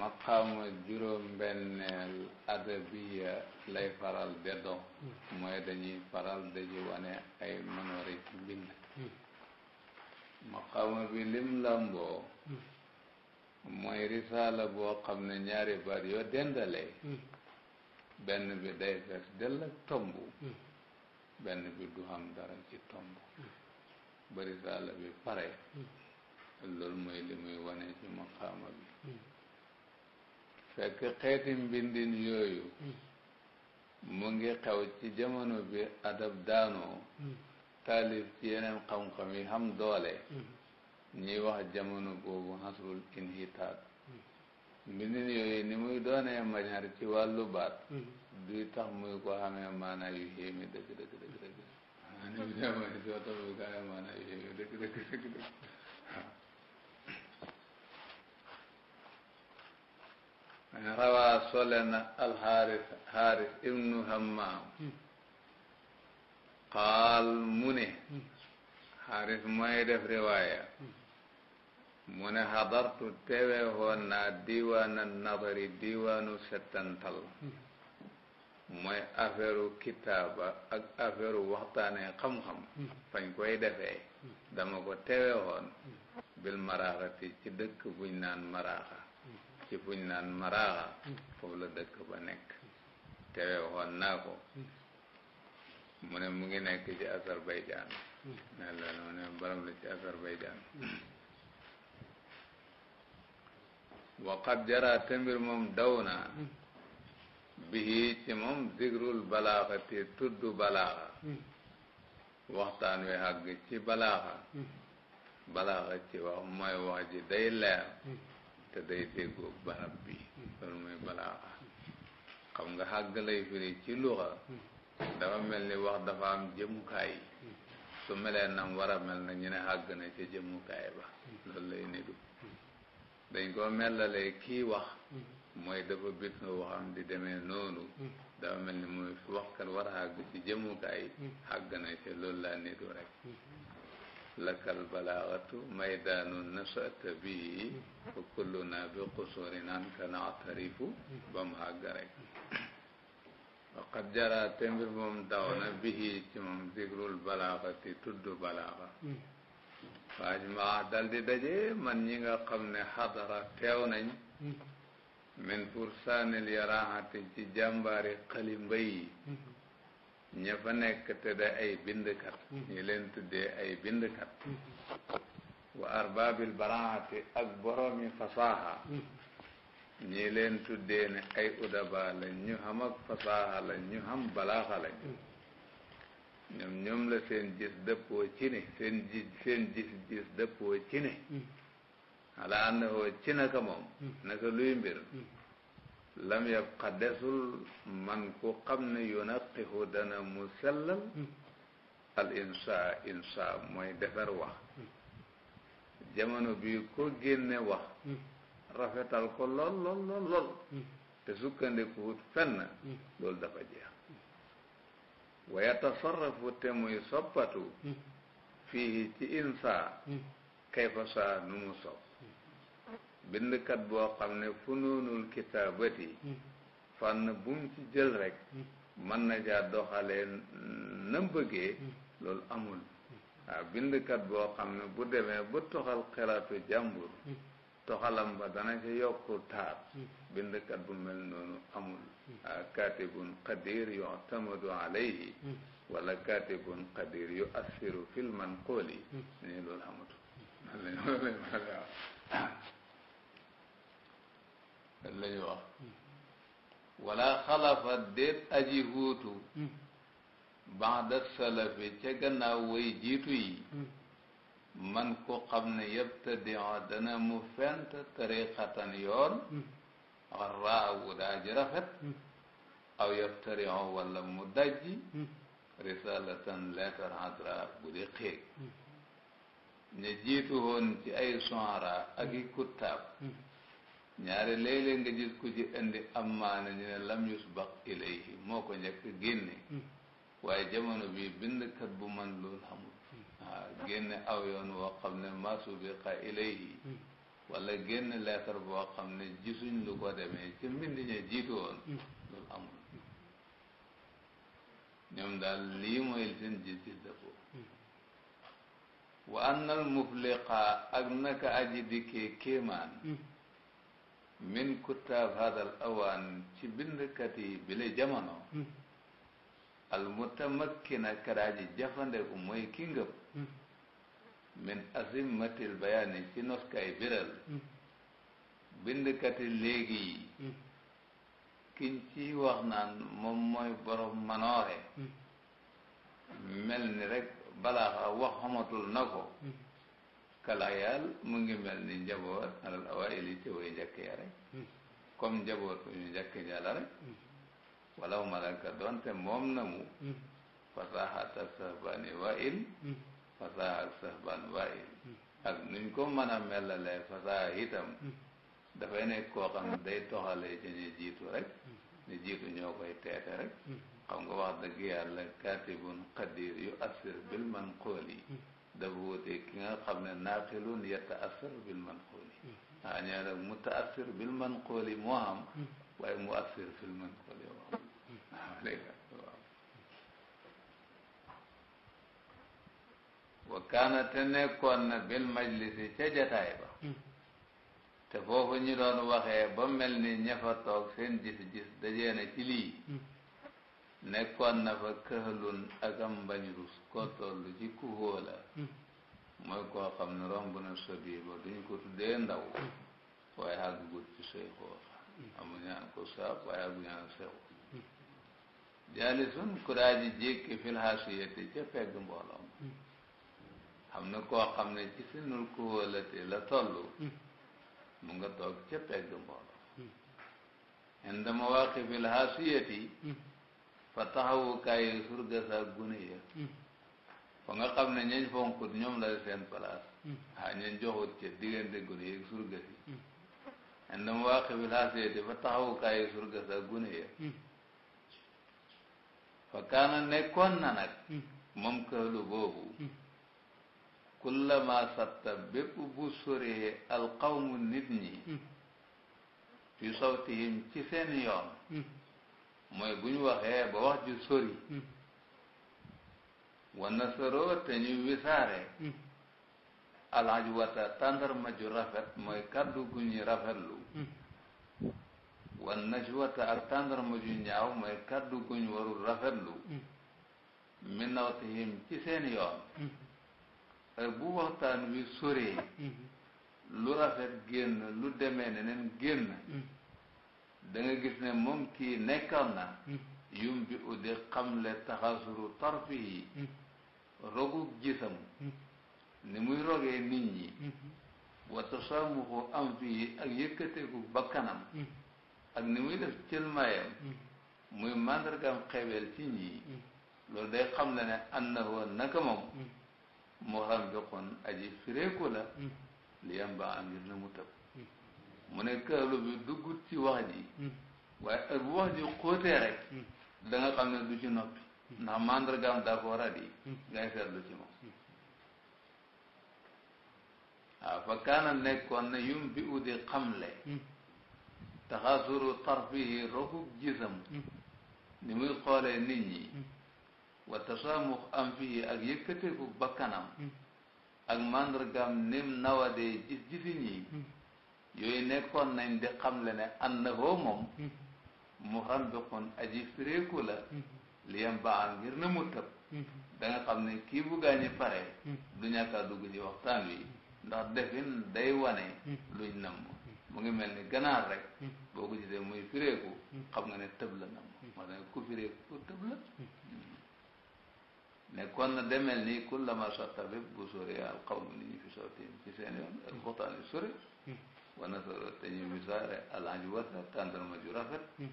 maqaama juróom-benneel adabiya lay faral de doon mooy dañuy faral daji wane ay mënoore ci bind bi lim lamboo mooy risaala boo xam ne ñaari baat yoo dendalee benn bi day fees dell ak tomb benn bi du xam dara ci tomb ba risaala bi pare loolu mooy li muy wane ci maqaama bi hmm. fekk xeeti mbindin yooyu hmm. mu ngi xew ci jamono bi adab daanoo hmm. taalif ci yeneen xam-xam yi xam doole ñuy wax jamono boobu xasrul inhitaat mbindin yooyu ni muy doonee mañar ci wàllu baat duy tax muy ko xamee maanaa yu xéemi dëgg dëgg rawaa solena alxaaris xaaris ibnu hammaam hmm. qaal mu ne xaaris hmm. mooy def riwaaya hmm. mu ne xadartu teewe woon naa diiwaana nadari diiwaanu settantal mooy affaire kitaaba ak affaire waxtaane xam-xam fañ koy defee dama ko teewe woon bil maraaxati ci dëkk buñ naan maraaxa ci fuñ naan maraaxa foofu la dëkk ba nekk tewe waxoon naa ko mu ne mu ngi nekk ci Azerbaïdjan ne loolu ne baram la ci Azerbaïdjan waqat jara te mbir moom daw na bihi ci moom zikrul balaaxa te tudd balaaxa waxtaan wi àgg ci balaaxa balaaxa ci wax mooy wax ji day leer te day déggoo barab bi loolu mooy balaaxa xam nga xàgg lay firi ci luxa dafa mel ni wax dafa am jëmukaay su melee nam war a mel na ñu ne xàgg na ca jëmukaay ba loolu lay nidu dañ koo melalee kii wax mooy dafa bit nga waxam di demee noonu dafa mel ni mooy waxkat war a xàgg ci jëmmukaay xàgg na ca loolu laa nidu rek lakal balaagatu maydaanu nasata bii fa kulluna bi qusuri naan ka naatarifu ba mu àgg rek waqad jara te mbir moom bii ci moom digrul balaagati tudd balaaga waaj ma dal di man ñi nga xam ne xadara teew nañ hmm. min fursaanil yaraahati ci jàmbaari xali mbay hmm. ña fa nekk te da ay bindkat mm-hmm. ñi leen tuddee ay bindkat mm-hmm. wa arbaabil baraati ak boroomi fasaha mm-hmm. ñi leen tuddee ne ay udaba lañ ñu xam ak fasaha lañ ñu xam balaaxa lañ ñoom ñoom la seen gis dëppoo ci ne seen gis seen dëppoo ci ne ala annahu ci naka moom naka luy mbir lam yabqa desul man ku xam ne yunaqihu dana mu sellal al insa insa mooy defar wax jamono bi ko génne wax rafetal ko lool lool lool lool te sukkandikuwut fenn loolu dafa jeex wa yatasarrafu te muy soppatu fii ci insa kayfa saa nu mu sopp bindkat boo xam ne funuunul kitaabati hmm. fànn bu mu ci jël rek hmm. mën na caa doxalee na bëggee hmm. loolu amul bindkat boo xam ne bu demee ba toxal xelaatu jàmbur toxalam ba dana ci yokk taar bindkat bu mel noonu amul waaw kaatibun qadir yutamadu alayhi wala kaatibun qadir yu assiru fil manqooli nii loolu amatul loolu la ñu wax wala xalafa déet aji huutu hmm. banda salafi ca gannaaw way jiitu yi hmm. man ku xam ne yëpp te dion dana mu fent tariqatan yoon hmm. xarraa wu daa ji rafet aw yëpp te dion wala mu dajji risalatan leetar hadra bu di xéeg ñu jiitu woon ci ay sonra ak i kuttaab ñaari léeg-léeg nga gis ku ci indi am ne lam yusbaq ilayhi moo ko njëkk génne hmm. waaye jamono bi bindkat bu man loolu xamul hmm. waaw génne aw woo xam ne ma subiqa ilayhi hmm. wala génne leetar boo xam ne gisuñ lu ko demee ci mbind ña jiitu woon loolu amul daal lii mooy seen gis-gis dëppoo wa annal mufliqa ak naka aji dikkee kéemaan min kutaab hadal awaan ci bindkat yi jamono hmm. al mutamakkina karaaji jafandeku mooy ki ngëp hmm. min azimmatil bayaani ci noskaay biral hmm. bindkat yi léegi yi kiñ ci wax naan moom mooy borom manoore mel ni rek balaa wax xamatul na ko kalayaal mu ngi mel ni njaboot alal awaayil yi ci way njëkk ya rek hmm. comme njaboot bu ñu njëkk jala rek hmm. walaw moom na mu hmm. sahbaani waa il fasaxa ak sahbaan waa il ak nuñ ko mën a melalee fasaxa itam dafay nekk koo xam ne day doxalee ci ñu jiitu rek ñu jiitu ñoo koy teete rek xam nga wax dëgg yàlla kaatibun qadir yu assir bil manqool dafa wutee ki nga xam ne naaqilun yataasar bil manqooli ah ñu ne mutaasir bil manqooli moo am waaye mu assir fil manqooli moo am ah léegi waaw. wa kaana te nekkoon na bil majlisi ca jataay ba. te foofu ñu doon waxee ba mel ni ña fa toog seen gis-gis dajee na ci lii. nekkoon na fa këxalun ak am mbañ rus koo ci ku hmm. mooy koo xam ne romb na sodi ba duñ ko tuddee ndaw hmm. waaye àggugut ci say xool hmm. amu ñaan ko saab waaye àggu ñaan sew jaalisun kuraaji jékki fil xaasiyati ca pegg mbooloom xam ne koo xam ne ci sinul ku hóolati la toll mu nga toog ca pegg mbooloom inda mawaqifil xaasiyati fa taxawukaay surga saa gune hmm. fa nga xam ne ñañ fonkut ñoom la seen place ah ñañ joxut ca diggante gune yeeg surga si en fa taxawukaay surga saa gune ya hmm. fa kaana nekkoon na nag moom këlu boobu kullama satta bépp bu soree alqawmu nit ñi fi ci seen yoon mooy bu ñu waxee ba wax ju sori hmm. wa nasaroo te ñu wisaare hmm. alhaj wata tàndarma ju rafet mooy kàddu gu ñuy rafetlu hmm. wa najwata ak tàndarma ju ñaaw mooy kàddu gu ñu warul rafetlu min nawtihim ci seen yoon heure bu waxtaan wi soree lu rafet génn lu demee neneen génn da gis ne moom kii nekkoon na hmm. yum bi uddi xamle taxasuru torfi yi hmm. rogug hmm. ni muy rogee nit ñi wata saamuxu am fii ak yëkkateeku bakkanam ak ni muy def cëlmaayam muy màndargaam xeweel ci ñii loolu day xam le ne annahu naka moom moo xam joxoon aji fireeku la li yamba am ngir na mu tëb mu ne këlu bi duggut ci wax ji hmm. waaye heure wax ji xóotee rek hmm. da nga xam ne du ci noppi hmm. ndax mandargaam daa ko rat yi ngay seetlu ci moom waaw fa kaana nekkoon na yum bi udi xamle taxasuru tarfihi rokub gisam ni muy xoolee nit ñi wa tasaamux am fii ak yëkkateeku bakkanam ak mandargaam nim nawadee gis gisi ñi yooyu nekkoon nañ di xamle ne annahu moom hmm. muhambiqun aji firéeku la hmm. li yem baaxal ngir na mu tëb hmm. da xam ne kii bu gaañi pare du ñàkk a dugg ci waxtaan wi ndax defin day wane luñ namm mu ngi mel ni ganaar rek boo ko gisee muy firéeku xam nga ne tëb la namm moo tax ku firéeku ku tëb la nekkoon na demel nii kullama sotta bépp bu sori al qawmi li ñu fi sotti ci seen yoon ak waxtaan yu sori wana solo te ñu misaare alxaj wat na tàndarma ju rafet hmm.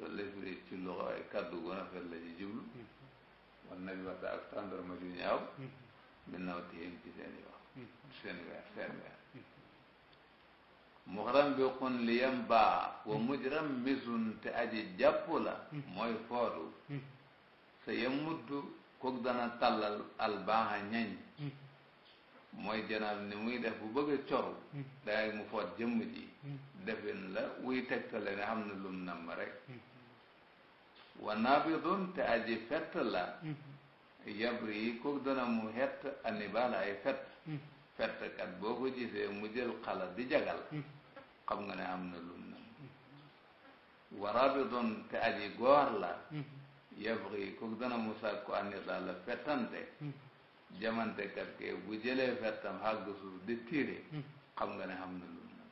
loolu lay firi ci loxo ay kàddu gu rafet la ci jublu hmm. wan nabi wata ak tàndarma ju ñaaw hmm. min naw tihim ci seen i wax seen weer seen weer muxram bi xun li yem baa wa mujram misun te aji jàpp la mooy foodu sa yemuddu kook dana tàllal albaaxa ñañ mooy janaab ni muy def bu bëgg a coru hmm. dangay mu foot jëmm ji hmm. la wuy tegtale ne xam na lum namm rek hmm. wa naabidun te aji fett yabri yi kook dana mu xett anibal ay fett fettkat boo ko gisee mu jël xala di jagal xam nga ne am na lum namm wa rabidun te aji goor la yabri yi kook dana mu sàkku anidal la fettante jamante kat ke bu jëlee fettam xàgg suuf di tiire hmm. xam nga ne xam na luñ nam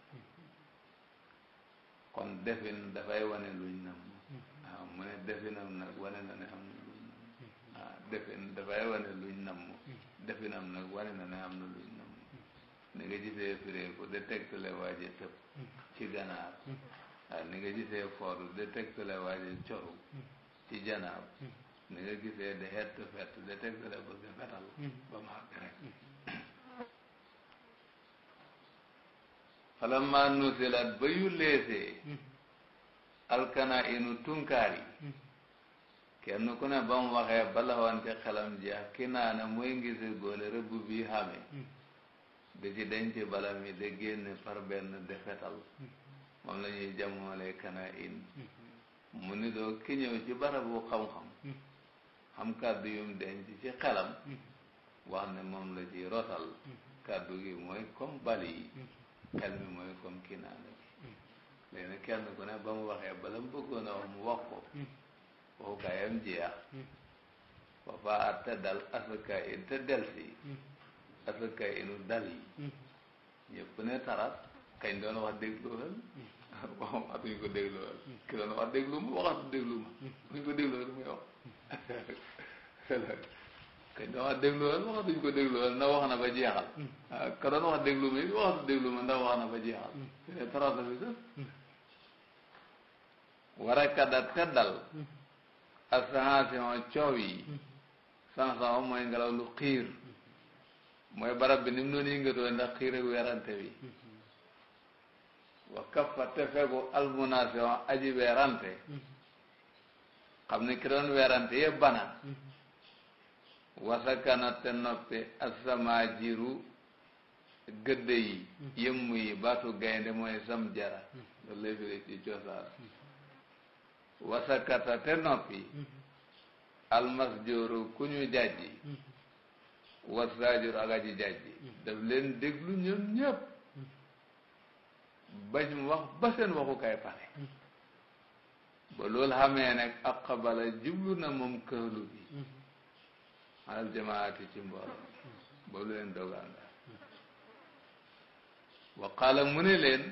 kon defin dafay wane luñ nam waaw hmm. ah, definam nag wane na ne xam na luñ nam waaw hmm. ah, defin dafay wane luñ nam definam na ne xam na luñ nam nga gisee firee ko détectele waaje tëb ci ganaar waaw ah, ni nga gisee fooru détectele waaje coru ci janaab ni nga gisee de xett fett de teg sa hmm. ba mu àgg rek hmm. falamma nusilat ba yu leesee hmm. alkana inu tunkaar yi kenn ku ne ba mu waxee ba laxawante xelam jeex ki naa ne mooy ngise góole rëbb bi xame da ci denc bala mi de génne par benn de fetal moom la ñuy jamoole kana in mu ni doo ki ñëw ci barabu xam-xam am kàddu yu mu denc ci xelam hmm. wax ne moom la ci rotal hmm. kàddu gi mooy comme bali yi hmm. xel mi mooy comme kinaana bi léegi kenn ku ne ba mu waxee bala mu bëggoon wax mu wax ko waxukaayam jeex wa faa atta dal asaka in te delsi asaka inu dal yi ñëpp ne tarat kañ doon wax dégluwal waxam atuñ ko dégluwal ki doon wax déglu ma waxatu déglu ma atuñ ko dégluwal wax kañ doon wax déglu woon wax duñ ko déglu woon ndax wax na ba jeexal mm. ah, ka doon wax déglu ma it wax déglu ma ndax wax na ba jeexal mm. te farata bi sax war a kada teddal mm. ascension coow yi sanson mooy ngelaw lu xiir mooy barab bi ni mu noonu yëngatoo ndax xiir ak werante bi wa kaffa te fegu almunation aji werante xam ne ki doon werante yëpp wasakana te noppi asama jiru gëdd yi yëmm yi baatu gaynde mooy sam jara loolu lay firi ci cosaan wasakata te noppi almasjooru ku ñu jàjji wasaajur ak aji jàjji daf leen déglu ñoom ñëpp bañ wax ba seen waxukaay pare ba loolu xamee nag aqbala jublu na moom këhlu bi alal jamaati ci mbooloo ba lu leen doganga wa qaala mu ne leen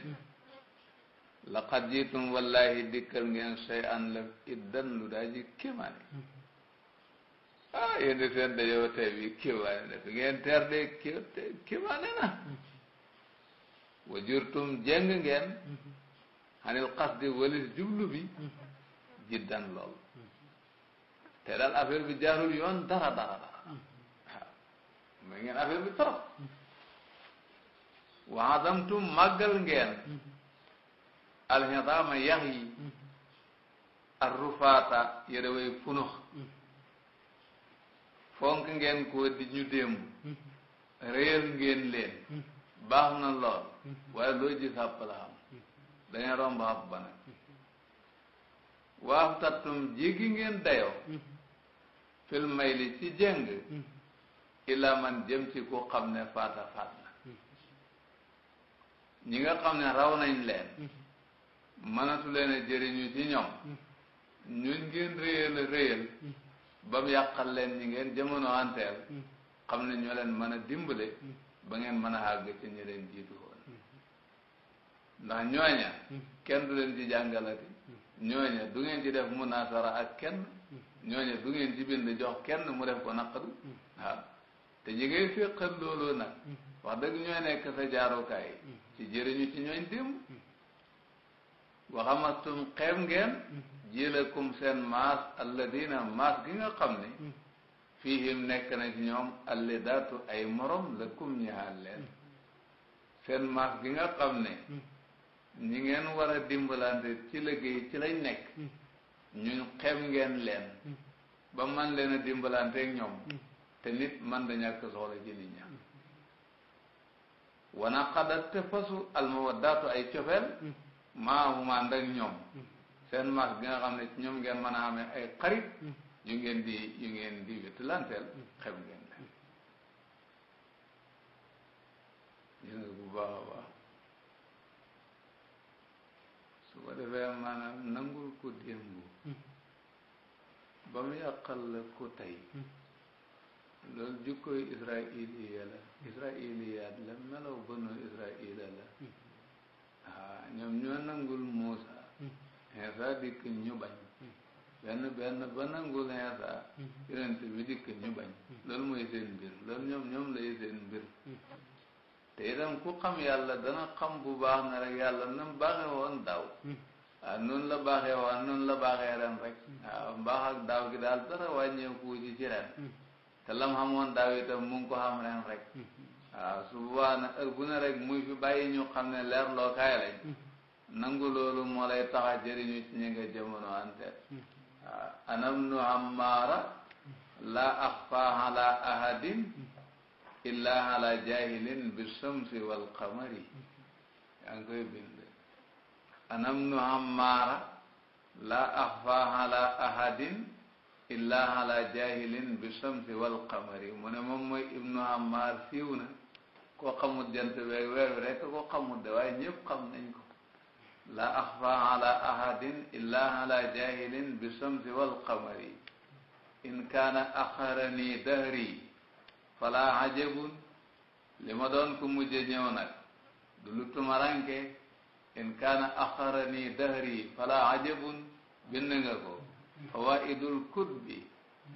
laqad jiitum wallahi dikkal ngeen shay la iddan lu daa ji kéemaane ah yéen di seen bi kéemaane na fi ngeen teer de kéemaane na wa jeng ngeen xanil mm-hmm. qasdi walis jublu bi mm-hmm. jiddan lool te daal affaire bi jaarul yoon dara dara dara waaw hmm. ma ngeen affaire bi trop waxasamtum màggal ngeen hmm. alxidaama yax yi hmm. arrufaata yére way punux fonk ngeen ko di ñu démb réyal ngeen leen baax na lool waaye loo ji sàpp la xam dangeen romb xàpp waaf tattum jigi ngeen dayoo mm-hmm. fil may li ci jëng mm-hmm. ila man jëm ci ku xam ne faata faat na mm-hmm. ñi nga xam ne raw nañ leen mënatu leen jëriñu ci ñoom ñun ngeen réyal réyal ba mu yàqal leen ñi ngeen jamono anteel xam ne ñoo leen mën a dimbale ba ngeen mën a àgg ci ñi leen jiitu woon ndax ñooña kenn du leen ci jàngalati ñooña du ngeen ci def munasara ak kenn hmm. ñooña du ngeen ci bind jox kenn mu def ko naqadu hmm. te ñi ngay féqal loolu nag hmm. wax dëgg ñooy nekk sa jaarukaay ci jëriñu ci ñooñ démb waxamastum xeem ngeen jilakum seen maas alladina maas gi nga xam ni fiihim nekk na ci ñoom daatu ay morom lakum ñaal leen seen maas gi nga xam ne ñi ngeen war a dimbalante ci liggéey ci lañ nekk hmm. ñu xem ngeen leen hmm. ba man leen a dimbalante ak ñoom hmm. te nit man da ñàkk soxla ci nit ña wana xadat te fasu almawaddaatu ay cofeel maa mu ànd ak ñoom seen mag bi nga xam ne ñoom ngeen mën a amee ay xarit ñu ngeen di yu ngeen di wéttalanteel xem ngeen leen ko defee maanaam nangul ku démb hmm. ba mu yàqal la ku tey hmm. loolu jukkoy israiliya la israiliyaat la melaw banu israila la hmm. ah ñoom ñoo nangul Muusa Iisaa dikk ñu bañ benn benn ba nangul Iisaa yonent bi dikk ñu bañ loolu mooy seen mbir loolu ñoom ñoom lay seen mbir te itam ku xam yàlla dana xam bu baax na rek yàlla na mu baaxee woon daaw hmm. ah noonu la baaxe woon noonu la baaxee ren rek hmm. ah mbaax ak daaw gi daal dara wàññeeku ci ci ren hmm. te lam xamoon daaw itam mu ngi ko xam ren rek waaw ah, su boobaa nag heure bu ne rek muy fi bàyyi ñu xam ne leer loo kaay lañ nangu loolu moo lay tax a jëriñu ci ñi jamono ante ah, anam nu ammaara la axfa ala ahadin illaa ala jahilin bi shamsi wal qamari yaa ngi koy bind anam nu hammaara laa axfa ala ahadin illaa ala jahilin bi shamsi wal qamari mu ne moom mooy ibnu hammaar siiw na koo xamul jant beeg weer wi rek koo xamul de waaye ñëpp xam nañ ko laa axfa ala ahadin illaa ala jahilin bi shamsi wal qamari in kaana axarani dahri fala ajabun li ma doon ku mujje ñëw nag du lu tumaranke in kaana axarani dahri fala ajabun bind nga ko fawaidul kutbi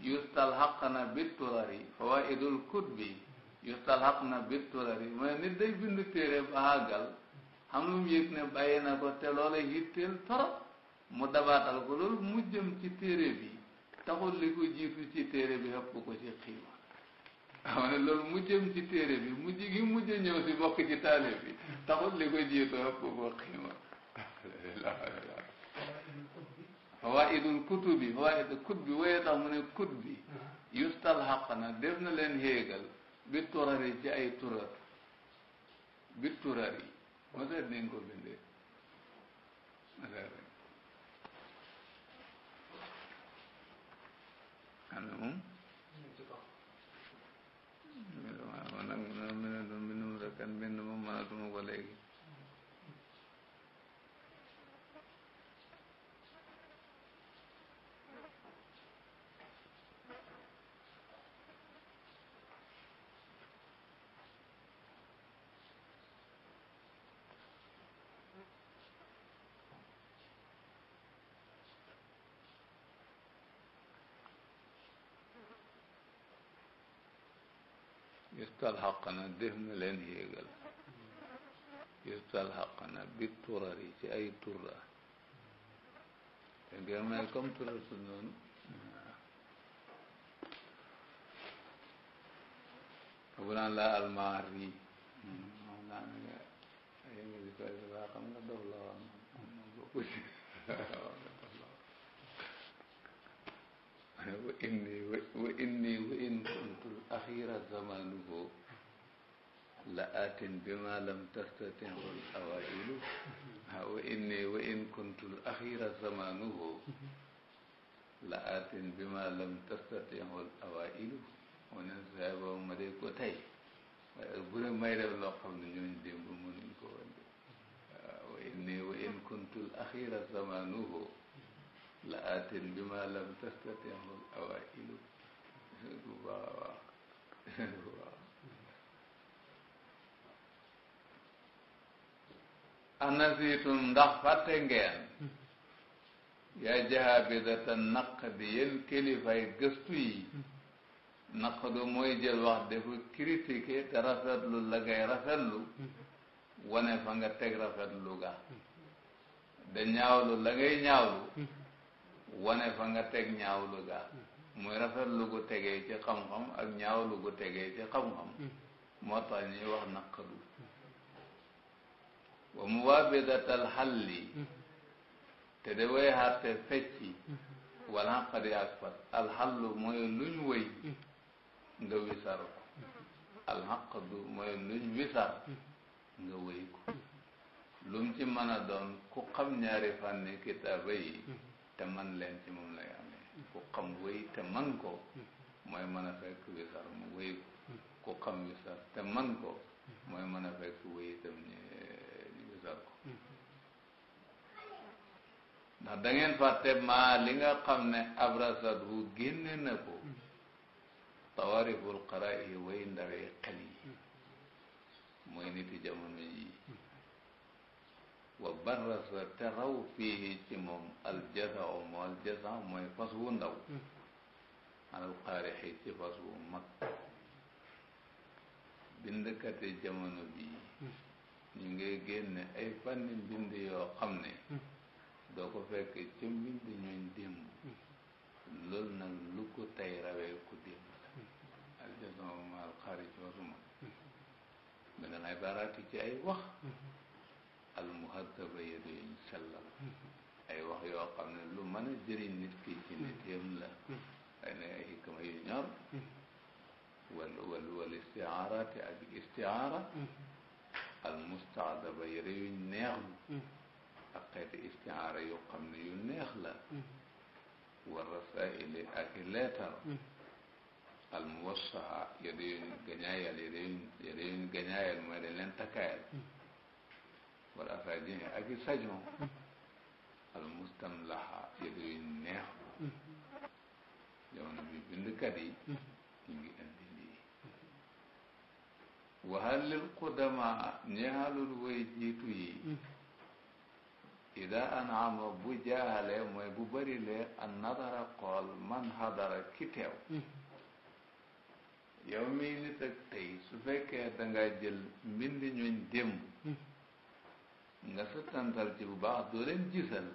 yustalhaqna bitturari fawaidul kutbi yustalhaqna bitturari mooy nit day bind téere ba àggal xam lu mu yëg ne bàyyi na ko te loola yitteel torop mu dabaatal ko loolu mujjëm ci téere bi taxul li ko jiitu ci téere bi xëpp ko ci xiima xam ah, ne loolu mujjëm ci téere bi mujj gi mujj ñëw si bokk ci taale bi taxul li ko jiitu ëpp ko xiima fawaidul kutubi fawaid tax mu ne kut bi na def leen héegal bi turari ci ay turar bi turari ma seet nañ ko bindee xam moom yustal xaq na def na leen yéegal yustal xaq na bi turari ci ay tur la te ngeen may comme tural su noonu bu naan la almaar yi moom naa ne nga yëngu di koy xam nga dof la woon moom bokku ci wa inni wa inni wa in kuntul axira zamanuhu la atin bima lam tastatinul awailu wa inni wa in kuntul axira zamanuhu la atin bima lam tastatinul awailu mu ne saa boobu ma dee ko tey waaye bu ne may def loo xam ne ñooñu démb mënuñ ko woon de wa inni wa in kuntul axira zamanuhu la atin bi ma lam tastatixul awailu bu baax a ndax fàtte ngeen yaa jahabidata naq di yéen kilifay gëstu yi naq mooy jël wax dafa critiqué te rafetlu la ngay rafetlu wane fa nga teg rafetlu ga da ñaawlu la ngay ñaawlu wane fa nga teg ñaaw lu ga mm-hmm. muy rafet lu gu tegee ci xam-xam ak ñaaw lu gu tegee ci xam-xam mm-hmm. moo tax ñuy wax naqaru wa xal li mm-hmm. te de way xarte fecci wala xaqadi ak fat alxallu mooy luñ wëy nga wisar ko alxaqadu mooy luñ wisar nga wëy ko lum ci mën a doon ku xam ñaari fànni kitaaba yi te man leen ci moom la amee ku xam wéy te man ko mooy mën a fekk wisar mu wéy ku xam wisar te man ko mooy mën a fekk wéy itam ñu wisar ko ndax da ngeen fàtte maa li nga xam ne abrasat hu génne na ko tawariful xara yi way ndawee xel yi mooy niti jamono yi wa barrasa te raw fii ci moom aljaza o mool mooy fas wu ndaw anal hmm. xaarixi ci fas wu mag bindkati jamono bii hmm. ñu ngay génne ay fànni mbind yoo xam ne hmm. doo ko fekk ci mbind ñooñ démb loolu nag lu ko tey rawee ku démb la aljaza o mool xaari ci fasu mag mi ngan ay ci ay wax almuhaddaba yi yuñ sellal hmm. ay wax yoo xam ne lu ma a jëriñ nit ki ci hmm. nitéem la hmm. ay na ay hikma yu ñor wal wal wal istiaaraati ak istiaara almustaadaba yi yuñ neexlu ak xeeti istiaara yu xam ne yu neex la war rasaili ak leetar al muwassaha yada yuñ gañaayal yada yuñ yada yuñ gañaayal mooy dañ leen wala farajini ak i sañoo al mustamlaha yëre neex jamono bi bindkat yi ñu ngi indi lii waxal lil qudama ñeexalul way jiitu yi ida anama bu jaaxalee mooy bu bari lee an nadara xool man hadara ki teew yow mi su fekkee danga jël mbind ñooñ démb nga suttantal ci bu baax doo leen gisal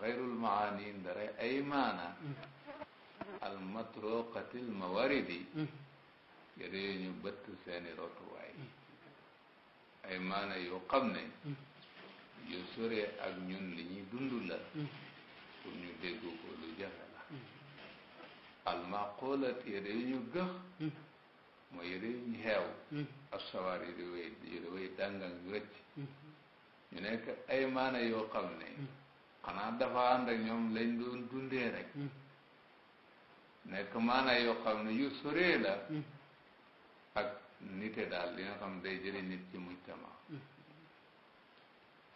xayrul maaniin daray ay maana al matruqatil mawaridi yére yu ñu bëtt seeni rotuwaay ay maana yoo xam ne yu soree ak ñun li ñuy dund la pour ñu dégg ko lu jafe al maqulat yére yu ñu gëx mooy yére ñu xeew ak sawaar yére way yére way ñu nekk ay maana yoo xam ne hmm. xanaa dafa ànd ñoom lañ doon dundee rek hmm. nekk maana yoo xam yu soree hmm. ak nite daal li nga xam day jëli nit ci mujtama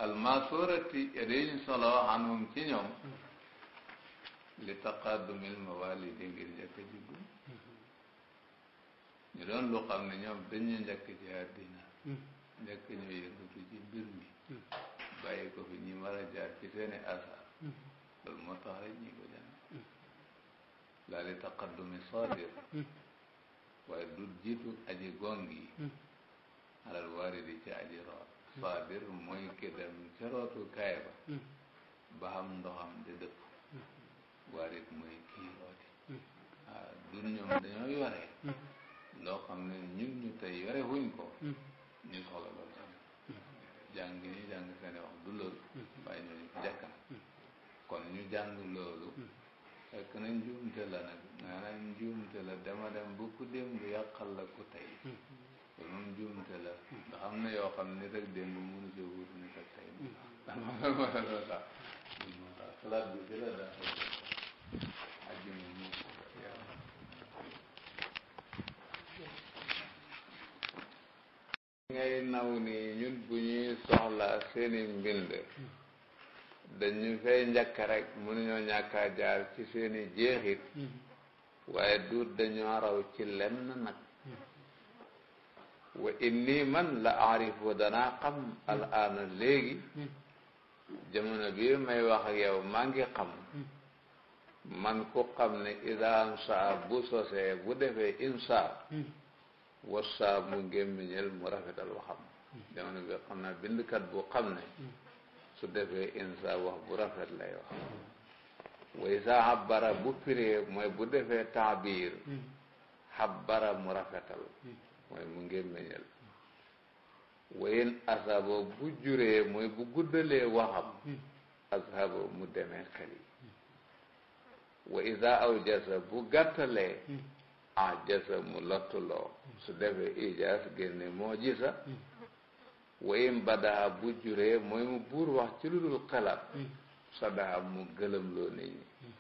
almasurati dañu solo anum ci ñoom li taqaadumil mawali di ngir njëkk a juddu ñu doon lu xam ne ñoom dañu njëkk ci àddina njëkk ñu yëngatu ci mbir mi bàyyi ko fi ñi war a ci seeni asar hmm. loolu moo tax rek ñi ko jàng hmm. laa li taqaddumi saadir hmm. waaye du jiitu aji gong yi alal waari di ci aji root saadir mooy ki dem ca rootu kaay ba ba xam ndoxam di dëpp waarit mooy kii rooti waaw du ñoom dañoo yore loo xam ne ñu tey yore wuñ ñu soxla jàng ñu jàng seen wax du loolu waaye ñooñu jekk na mm-hmm. kon ñu jàng loolu mm-hmm. fekk na njuumte la nag maanaam njuumte la dama dem bu ku démb yàqal la ku tey mm-hmm. loolu moom njuumte la nga xam ne yoo xam ne rek démb mënu si wuutu ni sa tey moo tax xalaat bi ci la daal ngay naw nii ñun bu soxla seeni mbind dañu fay njëkk rek mënuñoo ñàkka jaar ci seeni jeexit waaye duut dañoo raw ci lenn nag wa inni man la arifu dana xam al aana léegi jamono bi may wax ak yow maa ngi xam man ku xam ne idaan bu sosee bu defee insaa wasaab mu gémmiñal mu rafetal waxam jamono bi xam bu xam ne su defee insa wax bu rafet lay wax way saa xabbara bu piree mooy bu defee taabiir xabbara mu rafetal mooy mu gémmiñal wayin asaba bu juree mooy bu guddalee waxam ashaba mu demee xel yi wa isa awjasa bu gàttalee ajasa mu lottuloo su defee ijaas génne moo jisa wayim badaa bu juree mooy mu buur wax ci lu dul xalaat sadaa mu gëlëm loo nit ñi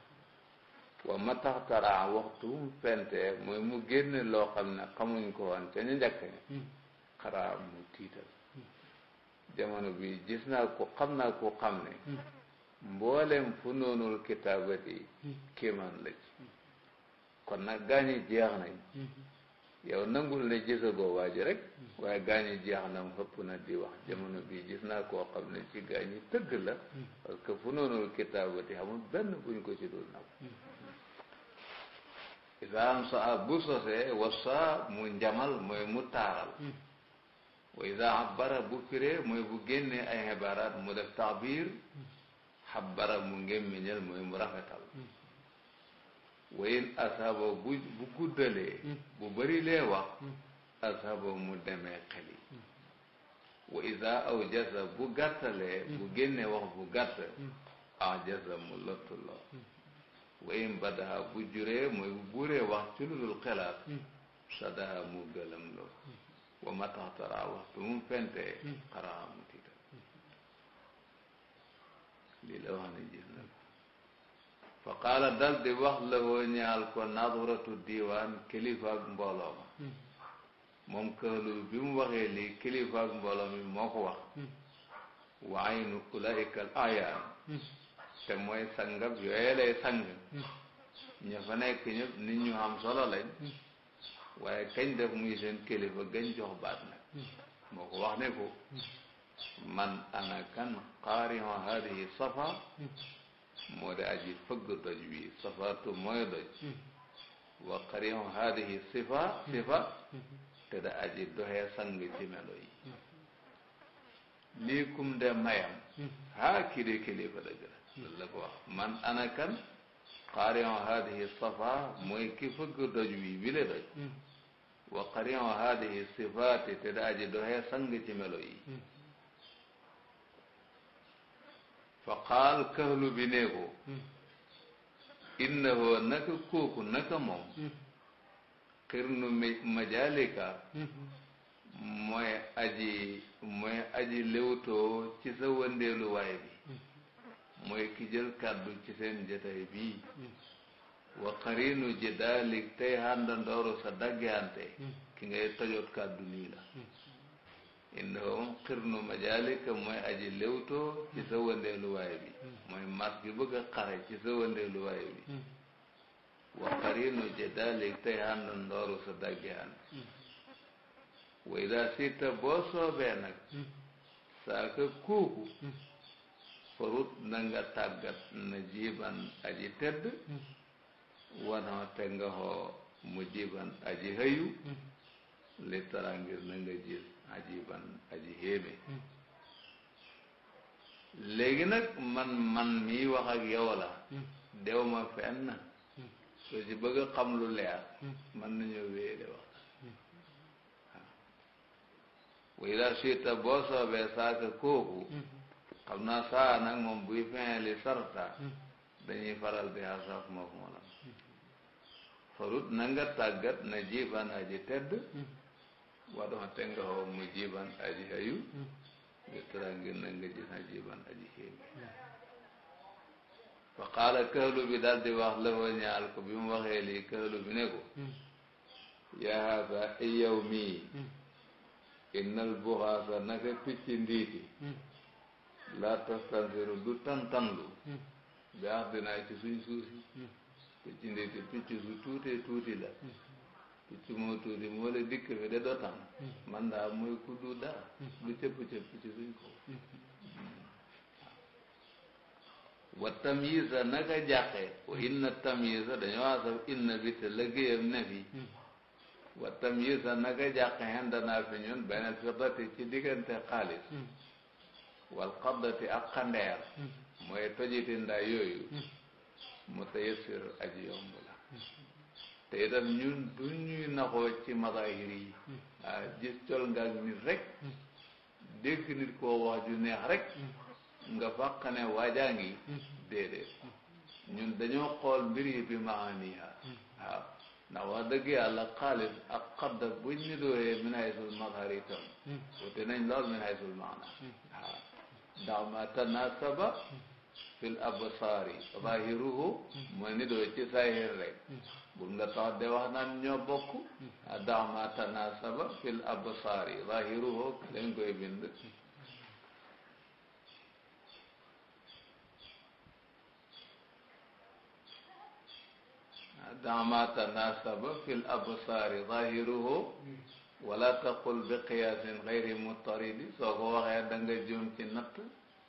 wa ma tax taraa waxtu mu fentee mooy mu génne loo xam ne xamuñ ko woon ca ñu njëkk ña xaraa mu tiital jamono bi gis naa ko xam naa ko xam ne mboolem fu noonul kitaabati hmm. kéemaan la ci kon nag gaañu jeex nañ mm-hmm. yow nangul ne gisagoo waa ji rek mm-hmm. waaye gaañi jeex na mu xëpp na di wax jamono bii gis naa koo xam ne ci gaañu tëgg la mm-hmm. parce que fu noonul kitaabati xamul benn buñ ko ci dul naw isaan so a bu sosee wasa mu njamal mooy mu taaral wa isa xabara bu firee mooy bu génnee ay xibaraat mu def taabir xabara mu ngémmiñal mooy mu rafetal wayin asaba bu bu guddalee hmm. bu bëri lee wax hmm. asaba mu demee xeli hmm. wa isa aw jasa bu gàttalee bu génnee wax bu gàtt ah jasa mu lottuloo wayin badaha bu juree mooy bu buuree wax ci lu dul xelaat sadaha mu gëlëm loo wa mataxtara waxtu mu fentee xaraa mu tiital lii la wax ne gis na ko fa qaala dal di wax la woo ñaal ko nadratu diiwaan kilifa ak mbooloo ma moom këlu bi mu waxee lii kilifa ak mbooloo ko wax wa aynu ulaika al ayaan te mooy sangab yooye lay sang ña fa nekk ñëpp ñu am solo lañ waaye kañ def muy seen kilifa gañ jox baat nag moo wax ne ko man ana kan qaari'u hadihi safa moo di aji fëgg doj wi safaatu mooy doj hmm. wa qarihu haadihi sifa hmm. Hmm. te da aji doxee sang ci melo lii kum de mayam haa kii de kilifa dëgg man ana kan qarihu haadihi safa mooy ki fëgg doj wi wile doj wa qarihu haadihi sifaati te da aji doxee sang ci melo fa qaal kahlu bi ne ko innahu naka kooku naka moom xirnu majalika mooy aji mooy aji lewtoo ci sa wëndeeluwaay bi mooy ki jël kàddu ci seen jataay bi wa xarinu ji daalik tey hàndandooru sa daggante ki ngay tojoot kàddu nii la indahum xirnu majalika mooy aji lewtoo ci sa wëndeeluwaay bi hmm. mooy mas gi bëgg a xare ci sa wëndeeluwaay bi hmm. wa qarinu jadaalik tey ànd ndooru sa daggi ànd hmm. way daa siita boo soobee nag saa ka kooku farut na nga tàggat na jiiban aji tedd wanoo te nga xoo mu jiiban aji hëyu li ngir na nga jël ajiban aji héeme hmm. léegi nag man man mii wax ak yow la hmm. dew ma fenn soo hmm. ci bëgg a xam lu leer mën nañoo wéyale wax wa siita boo soobee saaka kooku xam naa saa nag moom buy fin li sarta dañuy faral di xasaf moofu moonam farut na nga tàggat na jiban aji tedd wadon tenga ho mujiban aji hayu gitara ginna nga jin ajiban aji heewi hmm. fa qaala kahlu bi daldi wax la ma ñaal ko bi mu waxee lii kahlu bi ne ko hmm. yaa haada yow mii hmm. innal buxaasa naka picc ndiiti laa tastansiru du tantanlu bi ax ci suñ suuf picc ndiiti picc su tuutee tuuti la picc moo tuuti moo la dikk fi de doo tànn hmm. man daa mooy ku du dara hmm. lu cëpp-cëpp ci suñ ko hmm. tamyiza naka jàqe wa inna tamyiza dañoo asab inna bi te lëggéeyam ne fi wa tamyiza naka jàqe hendanaa fi ñun beneen firdati ci diggante xaalis wal xaddati ak xandeer mooy tojiti ndaa yooyu mu tayassir aji yomb la te itam ñun du ñuy naxoo ci mazahir yi hmm. ah gis col nga nit rek hmm. dégg nit koo wax ju neex rekk hmm. nga fàq ne waajaa ngi déedéet dañoo xool mbir yi bi maaniha waaw ah, ndax wax dëgg yàlla xaalis ak xaddar buñ ñu dooyee min haysul mazhar itam wute nañ lool min haysul maana waaw ah, ndax ma fil absaari zahiruhu mooy ni doo ci zahir rek bul nga tax de wax naan ñoo bokk adama tanasaba fil absaari zahiruhu lañ koy bind adama tanasaba fil absaari zahiruhu wala taqul bi qiyaasin gayri mutaridi soo ko waxee da nga ci natt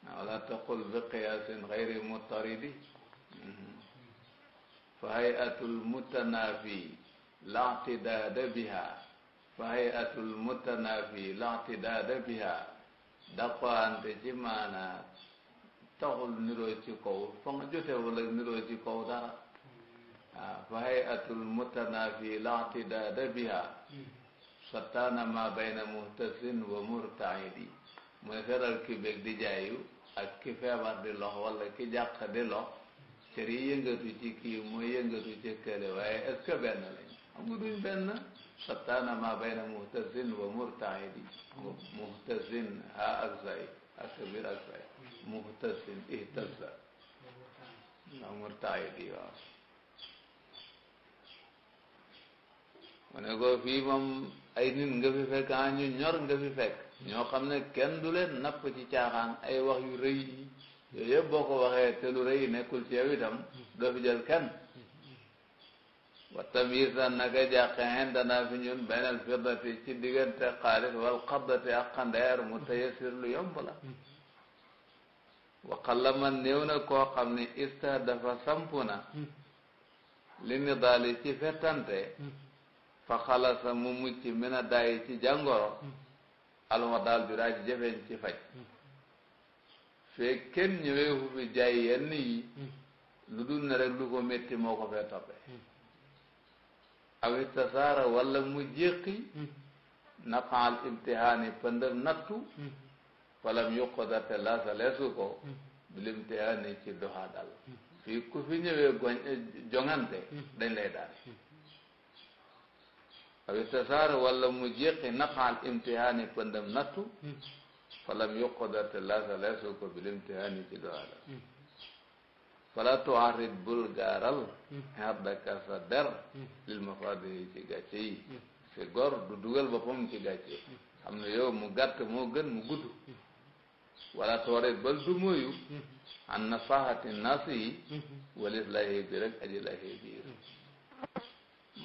wala taqul bi qiyaasin xayri mutaridi fa hayatul mutanafi laatidaada biha fa hayatul mutanafi laatidaada biha daqaante ci maanaa taxul niroo ci kaw fa nga jotewul ak niroo ci kaw dara fa hayatul mutanafi laatidaada biha sattaana ma bayna muhtasin wa murtaidi mooy feral ki bég di jaayu ak ki feebar di lox wala ki jàq di lox cër yi ci kii mooy yëngatu ci kële waaye est-ce que benn lañ xam nga duñ benn sattaana maa bayna muhtasin wa murtaidi muhtasin ha ak say ak sabir ak say muhtasin ihtasa wa murtaidi waaw mu ne ko ay nit nga fi fekk ah ñu ñor nga fi fekk ñoo xam ne kenn du leen napp ci caaxaan ay wax yu rëy yi yooyu yëpp boo ko waxee te lu rëy nekkul ci yow itam doo fi jël kenn wa tamyiz tan naka jàqe hen danaa fi ñun beneen firdati ci diggante xaalis wal xaddati ak xandeer mu tayasir lu yomb la wa xallama néew na koo xam ne ista dafa sampu na li ni daali ci fettante fa xalasa mu mucc mina dayi ci jàngoro alma daal ju daaj jafeñ ci faj fee ñëwee fu jaay yenn yi lu dul ne rek lu ko métti moo ko fee toppee awit tasaara walla mu jéqi naqaal imtihaani pëndam nattu falam yuqda te laasaleesu ko bil imtihaani ci doxaa dal fii ku fi ñëwee eh, jongante dañ lay daal awi tasaar walla mu jeqi naqaal imtihaani pëndam nattu falam yuqdar te laasa leesu ko bil imtihaani ci doxala fala tuarit bul gaaral haddaka sa der lil mafaadihi ci gàcce yi si gor du dugal boppam ci gàcce xam ne yow mu gàtt moo gën mu gudd wala tuarit bal du moyu an nafahati naasi yi walislahi bi rek aji lahi biir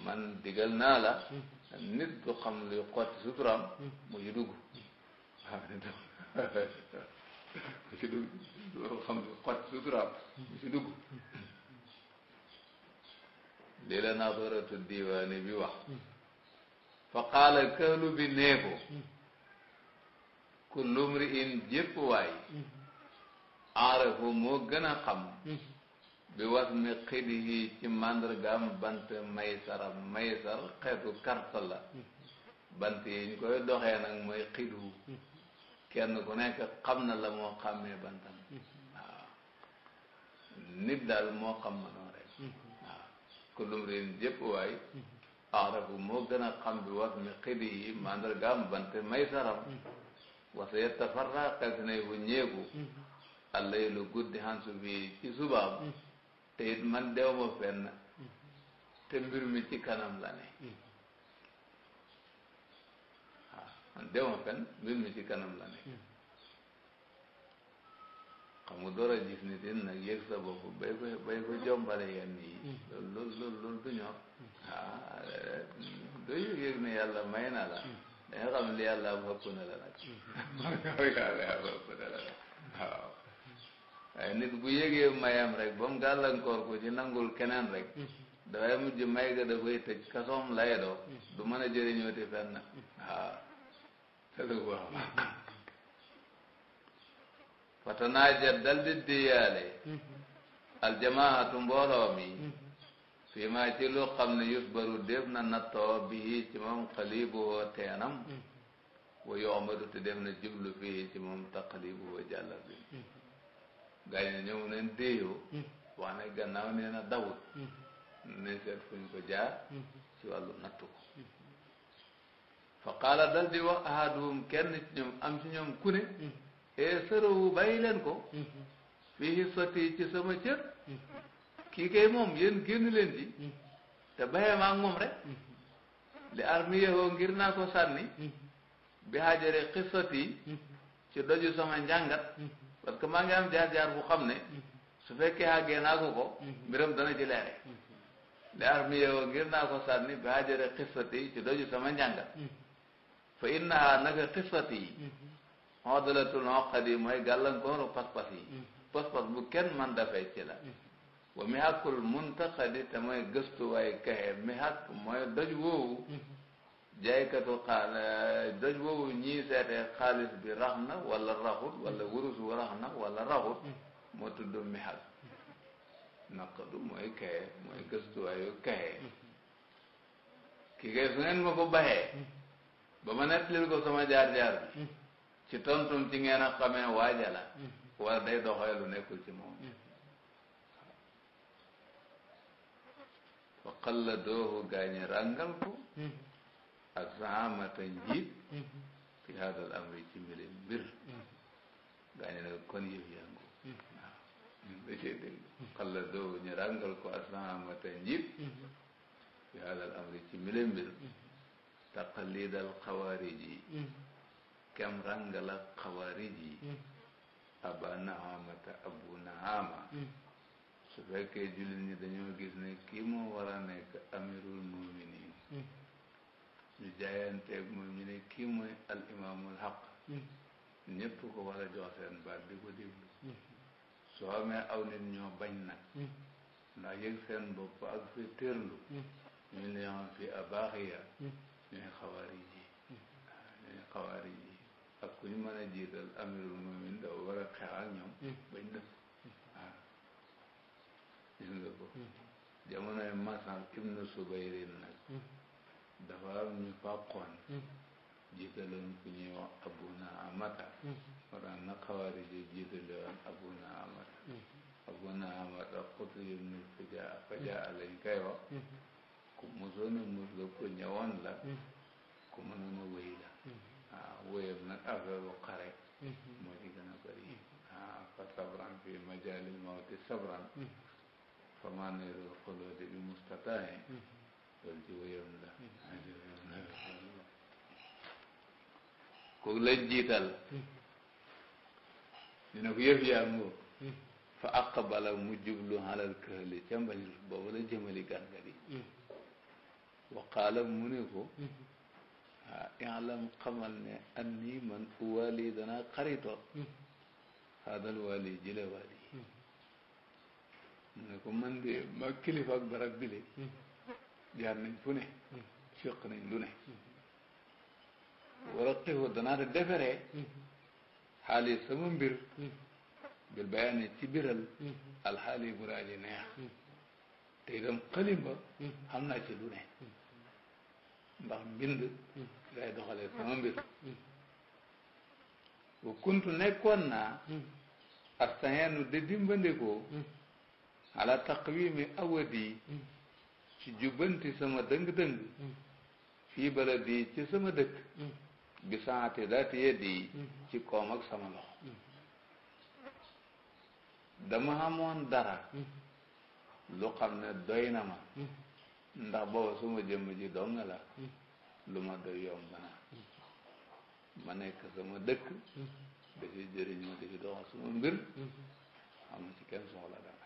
man digal naa la nit du xam luy xotti suturaam mu ci dugg waaw mu ci dugg du xam luy xotti suturaam mu ci dugg lii la nadaratu diwaani bi wax fa qaala kaalu bi nee ko kullu mri'in jépp waay aarafu moo gën a xam bi was ni xidhi ci màndargaam bant maysara maysar xeetu carte la bant yi ñu koy doxee nag mooy xidhu kenn ku nekk xam na la moo xàmmee bantam waaw nit daal moo xam manoo rek waaw kullum rin jëpp waay arafu moo gën a xam bi was ni xidhi yi màndargaam bant maysaram wasa yettafarra xel si nay bu ñeeku àllaylu guddi hansu bi ci subaam te it man dew ma fenn te mbir mi ci kanam la ne waaw hmm. ah, man dew ma fenn mbir mi ci kanam la ne hmm. xam nga door a gis ni din nag yëg sa bopp bay ko bay ko jombale yenn yi hmm. loolu loolu loolu du ñor ah, yëg ne yàlla may na la danga xam li yàlla am ëpp na la nag yàlla am ëpp na la nag waaw waaye nit bu yégee mayam rek ba mu gàllankoor ko ci nangul keneen rek mm-hmm. dafay mujj may ga dafay tëj kasoom lay doo mm-hmm. du mën a jëriñoo mm-hmm. te fenn waaw tëdd ko dal di diyaale aljamaatu mbooloo mi fii maa ci lu xam ne yusbaru def na nattoo bii ci moom xaliibuhoo teenam wa yombatu te def na jublu fii ci moom taqliibuhoo jàllar bi gaa ñu ñëw nañ déeyoo hmm. wax gannaaw nee na dawut hmm. nañ seet fuñ ko jaar ci hmm. wàllu nattu ko fa qaala dal di wax ahaduhum kenn ci ñoom am ci ñoom ku ne e sërowu bàyyi leen ko fii hissati ci sama cër kii kay moom yéen génn leen ci te bayee maa moom rek li armiyahoo ngir naa ko sànni bi hajare xissati ci doju sama njàngat parce que maa ngi am jaar-jaar bu xam ne su fekkee àggee naa ko ko mbiram dana ci leere li armiyewo ngir naa ko sànni bi hajare xisati yi ci doju sama njàngat fa innaha naka xisati yi xoodalatul xoqat yi mooy gàllankooru pas-pas yi pas bu kenn man dafay ci la wa mi hakkul muntaqadi te mooy gëstuwaay kaxe mi hakk mooy doj woowu jaaykatu xaalis doj boobu ñii seetee xaalis bi rax na wala raxut wala mm. wurus wu rax na wala raxut mm. moo tudd mihal naqadu mooy kaye mooy gëstuwaayu kaye mm. ki kay su ngeen ma ko baxee ba ma nettalil ko sama jaar-jaar bi ci tontum ci ngeen a xamee waaja la wala day doxee lu nekkul ci moom fa qalla doohu gaañe ràngal ak saamata njiit fi haadal amri ci mbiri mbir gaa kon yëf yàngu waaw da ràngal ko ak saamata njiit fi haadal amri ci mbiri mbir taqalidal xawaarij yi kem ràngal ak xawaarij yi abu naama su fekkee jullit ñi dañoo gis ne kii moo war a nekk amirul muminin ñu jaayanteeg moom ñu ne kii mooy al imaamul xaq mm-hmm. ñépp ko war a seen baat di ko déglu mm-hmm. soo amee aw nit ñoo bañ nag mm-hmm. ndax yëg seen bopp ak fi tërlu ñu ne ñoo fi abaaxiya ñooy xawaari ji ñooy xawaari ji ak ku ñu a jiital amirul mumin dafa war a xeex ak ñoom bañ def waaw masal ibnu subayrin nag dafa am ñu fàqoon mm-hmm. jiitaloon ku ñuy wax abuna amata waran mm-hmm. na xawaari ji jiitale woon abuna amata mm-hmm. abuna amata xutu yum ni fajaa fajaa lañ koy ku musoon a mus la ku ñëwoon la ku mënoon a wéy la waaw ah, wéyam nag affaire u xare ah, fa sabran fi majalil mawti sabran fa maa neerul xulóode bi mustataaye loolu ci la kooku lañ jiital ñu ne ko yëf yaa ngoo fa aqbala mu jublu alal këhli ca mbañul boobu la jëmali gàngat yi waqaala mu ne ko ah ilam xamal ne an nii man wali danaa xaritoo xaadal wali jële wali mu ne ko man de ma kilifa ak barab jaar nañ fu ne féq nañ lu ne wala xihu danaa te deferee bayaani ci biral alxaali bu daa ji neex te itam naa ci lu ndax mbind lay doxalee sama mbir bu kuntu nekkoon naa astayeenu de dimbandikoo ala taqwimi awadi ci jubbanti sama dëng-dëng mm. fii bala dii ci sama dëkk mm. bi saati daati yeddi yi mm. ci koom ak sama loxo dama amoon dara lu xam ne doy na ma ndax booba suma jëmm ji dong la lu ma doy yomb na ma nekk sama dëkk da ci ma da doxal sama mbir am na ci kenn soxla dara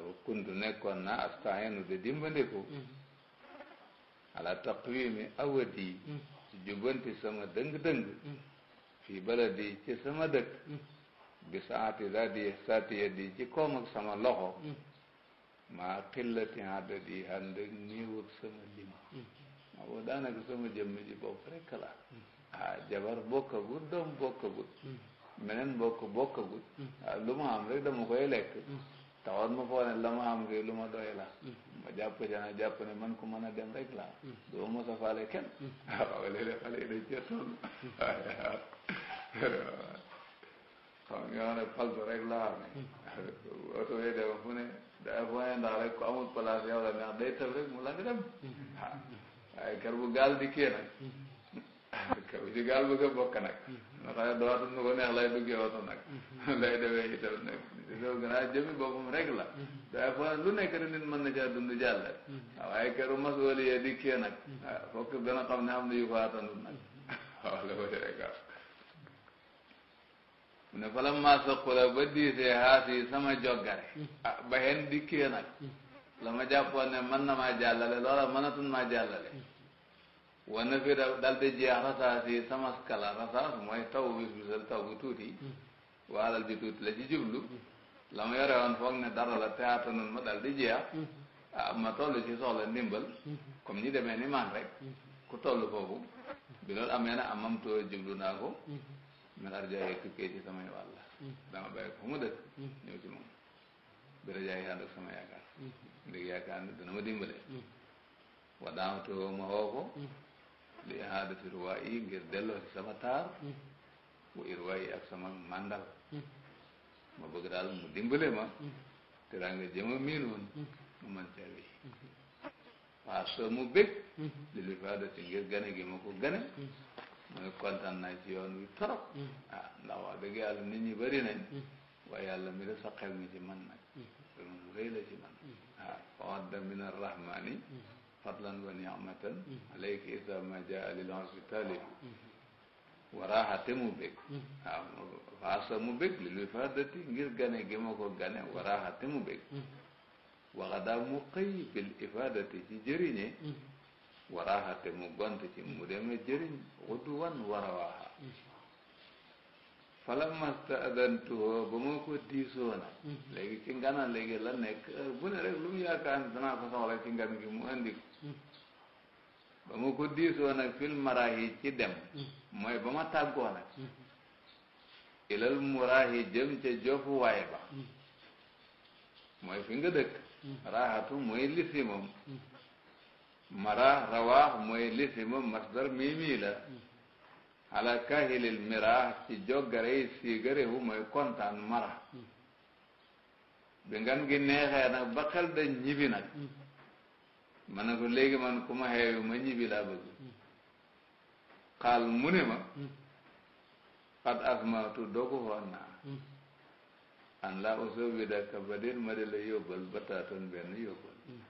waaw kuntu nekkoon na astaayanu de dimbandiku mm-hmm. ala taqwimi awadi mm-hmm. ci jubbanti sama dëng-dëng mm-hmm. fii baladi ci sama dëkk bi saati daadi saati yadi ci koom sama loxo maa xillati adadi ànd ak néew ak sama lim ma boo sama jëmm bopp rekk la ah jabar bokkagut doom bokkagut meneen mbokk bokkagut ah lu ma am rek dama koy lekk taxoon ma foog ne la ma am kay lu ma dooy la ma jàpp ci na jàpp ne man ku mën a dem rek la du ma mos a faale kenn waaw léeg-léeg xale yi dañ cee toll xam nga xam ne paltu rek la xam ne oto yi dem fu ne daa foo ne ndax rek ku amul place yow la neex day tëb rek mu la nga dem waaye kër bu gaal di kii nag kër bu ci gaal bëgg a bokk nag nga xam ne dootul nu ko neex lay duggee oto nag lay demee itam nag te loolu gannaaw jëmmi boppam rek la waaye mm-hmm. lu nekk rek nit mën na caa dund jàll mm-hmm. waaye keru masoliya dikkee nag mm-hmm. fokk dana ne am na yu nag waaw la ko rek mu ne fala ma soqula ba diisee haasi sama joggare ah, ba hen dikkee nag la ma jàppoon ne mën na maa jàllale loola mënatun maa jàllale wana fi dal di jeex rasaas yi sama skala rasaas mooy taw bi misal taw bu tuuti waalal bi tuuti la ci jublu la mu yore woon foog ne dara la te atanul ma dal di jeex mhm. ah ma toll ci soxla ndimbal mhm. comme ñi demee ni man rek mhm. ku toll foofu bi loolu amee na amam too jublu naa ko min arjaaye tukkee ci samay wàll dama bàyyi ko fu mu dëkk ñëw ci moom bi rajaay ànd ak sama yaakaar ndég yaakaar ne dana dimbale wa daamtoo ma woo ko li ihaadati ruwaa yi ngir delloo sama taar wa irwaa yi ak sama màndal ma bëgg daal mu dimbale ma mm-hmm. te daa nga jëma miinoon mm-hmm. mu man ca wi waaw soo mu mm-hmm. li li fa gane gi ma ko gane mooy kontaan naa ci yoon wi torop ah ndax wax dëgg yàlla nit ñi bëri nañ waaye yàlla mi da saqel mi ci man nag loolu lu rëy la ci man ah fawadda min arrahmani ma jaa lil hospitali waraaxate mu bég waaw faasa mu bég li luy faadati ngir gane gi ma ko gane waraaxate mu bég waxadaa mu xëy bil ifaadati ci jëriñe waraaxate mu gont ci mu deme jëriñ xuddu wan warawaaxa falamasta adantuhoo ba ma ko diisoo nag léegi ci ngana léegi la nekk bu ne rek lu mu yaakaar danaa ko soxla ci gi mu andi ba ma ko diisoo nag fil maraahi ci dem mm. mooy ba ma tàggoo nag mm. ilal muraahi jëm ca jofuwaay ba mm. mooy fi nga dëkk raahatu mooy lisimam mara rawaax mooy lisimam masdar mimi la ala kahilil miraax ci joggarey siigarewu mooy kontaan mara bi ngan gi neexee nag ba xel da ñibi nag ma ko léegi man ku ma xeewi ma ñibbi laa bëgg xaal mu ne ma xat hmm. asmaatu dogu xoon naa hmm. an laa usoo bi dakka ba déet ma di la yóbbal ba taatoon benn yóbbal hmm.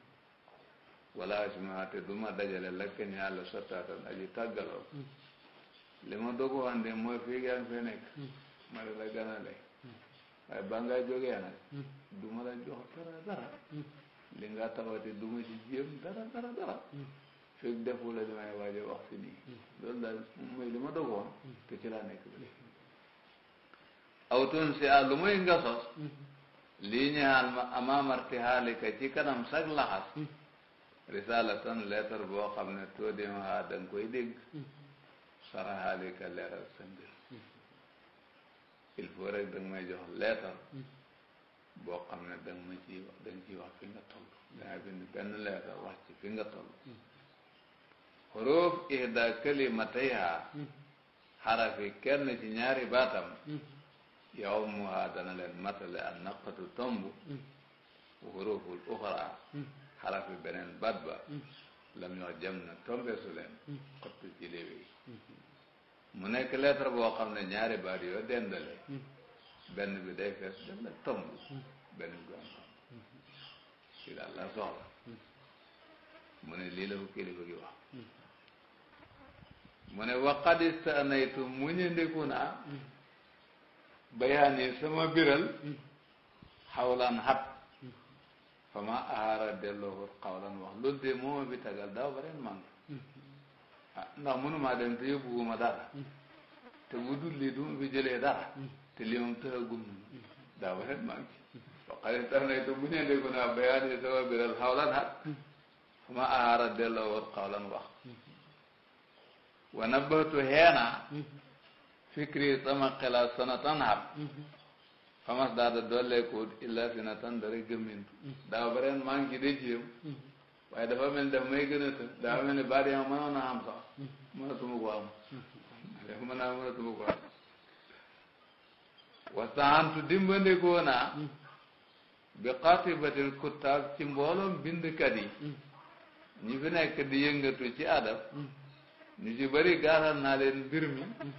wala asmaate du ma dajale lakk ñaar la sottaatoon aji tàggaloo li ma dogu xoon de mooy fii ngeen fi nekk ma di la ganale waaye baa ngaa jógee nag du la jox dara dara li nga tawati du ma ci jéem dara dara dara hmm. fekk defu la li may waajo wax si nii hmm. loolu daal li ma dogoon hmm. te ci laa nekk ba léegi aw tun si a muy nga sos lii ñaal ma amaamarti xaalika ci kanam sag laxas risalatan leetar boo xam ne too dem haa da nga koy dégg sara xaalika leeral sa mbir il faut rek da nga may jox boo xam ne danga ma ci wax danga ciy wax fi nga toll danga bind benn wax ci fi nga toll hmm. xuruf ihda kalimatayha hmm. xarafi kenn ci ñaari baatam hmm. yow muha dana leen matale an naqatu tomb xuruful uxra xarafi beneen baat ba lam yoo na tombe su leen xottu ci léwi mu nekk leetar boo xam ne ñaari baat yoo dendale benn bi day fees demee tomb benn bi am tomb ci daal mu ne lii la ko kilifa gi wax mu ne waqad istanaytu mu ñëndiku naa bayaani sama biral xawlan xat fa ma ahaara delloo xawlan wax loolu de mooma bi tagal daaw ba ren man ah ndax mënumaa dem te yóbbuwuma dara te bu du ma fi jëlee dara te li moom tëxagum daa ba set maa ngi wa xarit tax na itam bu ñu dégg naa bayaan yi sama biral xawlan xat ma aara delloo woon xawlan wax wa nabbatu xeenaa fikri sama xelaat sanatan xab xamas daada dolleekuut illa sinatan dara gëmmintu daa ba ren maa ngi de jéem waaye dafa mel daf may gën a të daa mel ni baat yaa mënoon a am sax mënatuma ko am wastaantu dimbandikoo naa bi xatibatil kuttaab ci mbooloom bindkat yi mm. ñi fi nekk di yëngatu ci adab mm. ñu ci bëri gaaral naa leen mbir mi mm.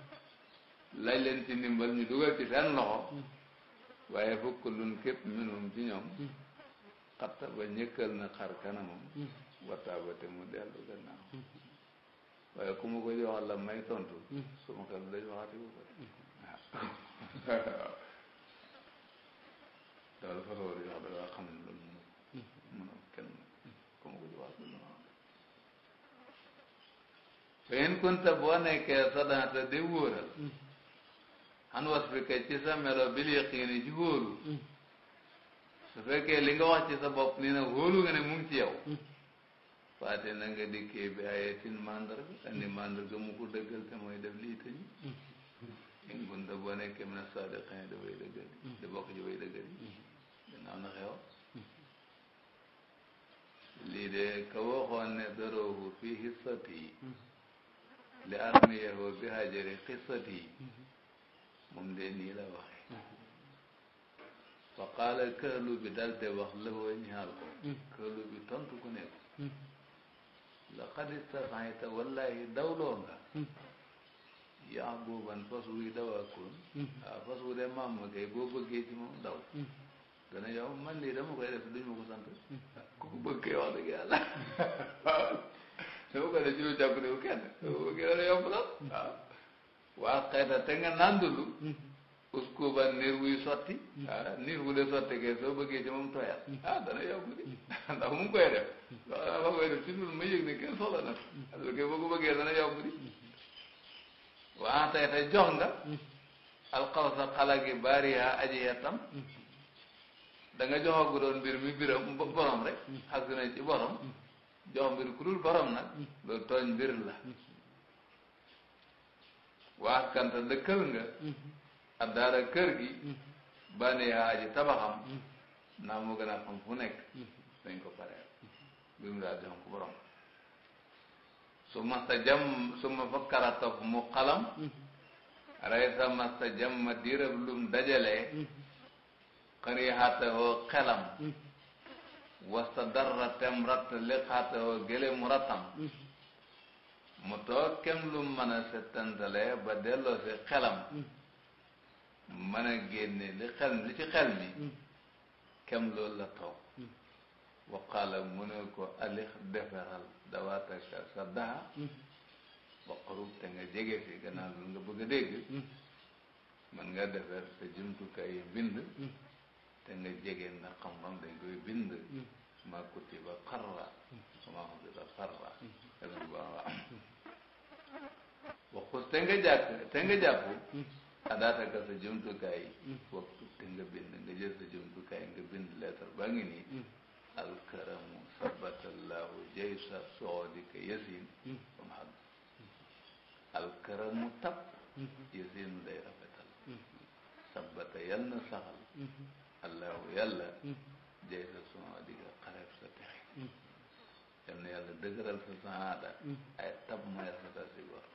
lañ leen ci ndimbal ñu dugal ci seen loxo waaye fukk lun képp minum ci ñoom xatta ba ñëkkal na xar kanamam wattaaba mu dellu gannaaw waaye ku ma ko joxal la may tontu suma xel daj waxati bu ko waaw daal façon bi wax da ngaa xam ne loolu mënu mënu kenn comme ko ci wax du mënu fa in kunta boo nekkee sadante di wóoral xan was bi kay ci sa melo bil yaqiini ci wóolu su fekkee li nga wax ci sa bopp nii nag wóolu nga ne mu ci yow faate na nga dikkee bi ayatin màndarga andi màndarga mu ko dëggal te mooy def lii te bunda boo nekkee mu ne saadiqin dafay dëggal da hmm. bokk ci way dëggal gannaaw hmm. hmm. lii de ka waxoon ne daroohu fi xissati li armiyahu bi hajari xissati moom de nii la waxee fa qaala këhlu bi dalte wax la woo ñaar ko këhlu bi tontu ku nekk laqad istaxayta wallahi dawloo yaa booban fas wuy daw ak koon waaw fas wu ma kay boo bëggee ci moom daw hmm. gën a yow man lii dama koy def duñu ma ko sant hmm. ku ko bëggee wax dëgg yàlla waaw dama koy def ci lu jàpp ne bu kenn bu bëggee a yomb la waaw hmm. ah. waa xayta te nga nandulu uskuban niir wuy sotti waaw ah, niir wu dee sotti kay soo bëggee ci ah, mu koy def wax dana fa koy def ci loolu ma yëg ne kenn soxla na loolu kay boo ko bëggee dana yomb waa tey te jox nga hmm. alxawsa xala gi baariha aji yettam hmm. da nga joxagu doon mbir mi biram borom rek xas hmm. na ci borom jox mbir ku borom nag loolu tooñ mbir la waa kanta dëkkal nga addaara kër gi baniha aji tabaxam naa moo gën a xam fu nekk dañ ko pareel mbir mu daal jox borom su ma sa jam su ma fakkara topp mu xalam mm. rey sa ma sa jam ma diirab lum dajalee mm. xariixatahoo xelam mm. wasta darra tem ratt liqaatahoo gëlemu rattam mu toog kem lum mën a settantalee ba delloo si xelam mën a génne li xel li ci xel mi kem loolu la toog waqaala mu ne ko alix deferal dawaataka sa daa ba xarub te nga jege si gannaaw nga bëgg a dégg mën nga defar sa jumtukaay yi mbind te nga jege ndax xam-xam dañ koy bind ma kutiba xarra ma xutida xarra elon bu am waxus te nga sa jumtukaay yi waxtu te nga nga jël sa jumtukaay nga bind lettre baa alkaramu sabatallahu jaysa soodika yasin ba mu xàgg alkaramu tab yasin day rafetal sabata yal na saxal allahu yàlla jaysa soodika xareb sa texe yal na yàlla dëgëral sa saada ay tab may rafetal si góor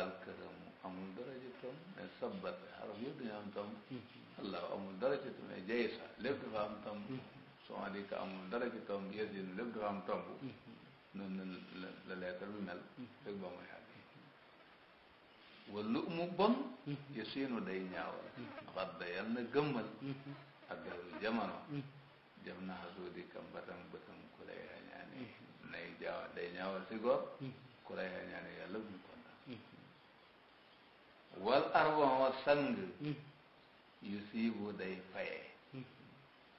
alkaramu amul daraja tom mais sabata xaraf yëpp dañu am tom allahu amul daraja tom mais jaysa lépp dafa am tom su ma di ka amul dara ci tomb yées yi lépp dafa am tomb mm-hmm. noonu la la leetar bi mel rek mm-hmm. ba muy xàgg walu mu bon mm-hmm. yu siinu day ñaawal xat da yal na gëmmal ak daru jamono jam na xasuudi kam batam bëtam ku lay xañaani nay jaawa day ñaawal si góor ku lay xañaani yàlla bu ñu kontaan wal arwan wa sang yu siibu day fayee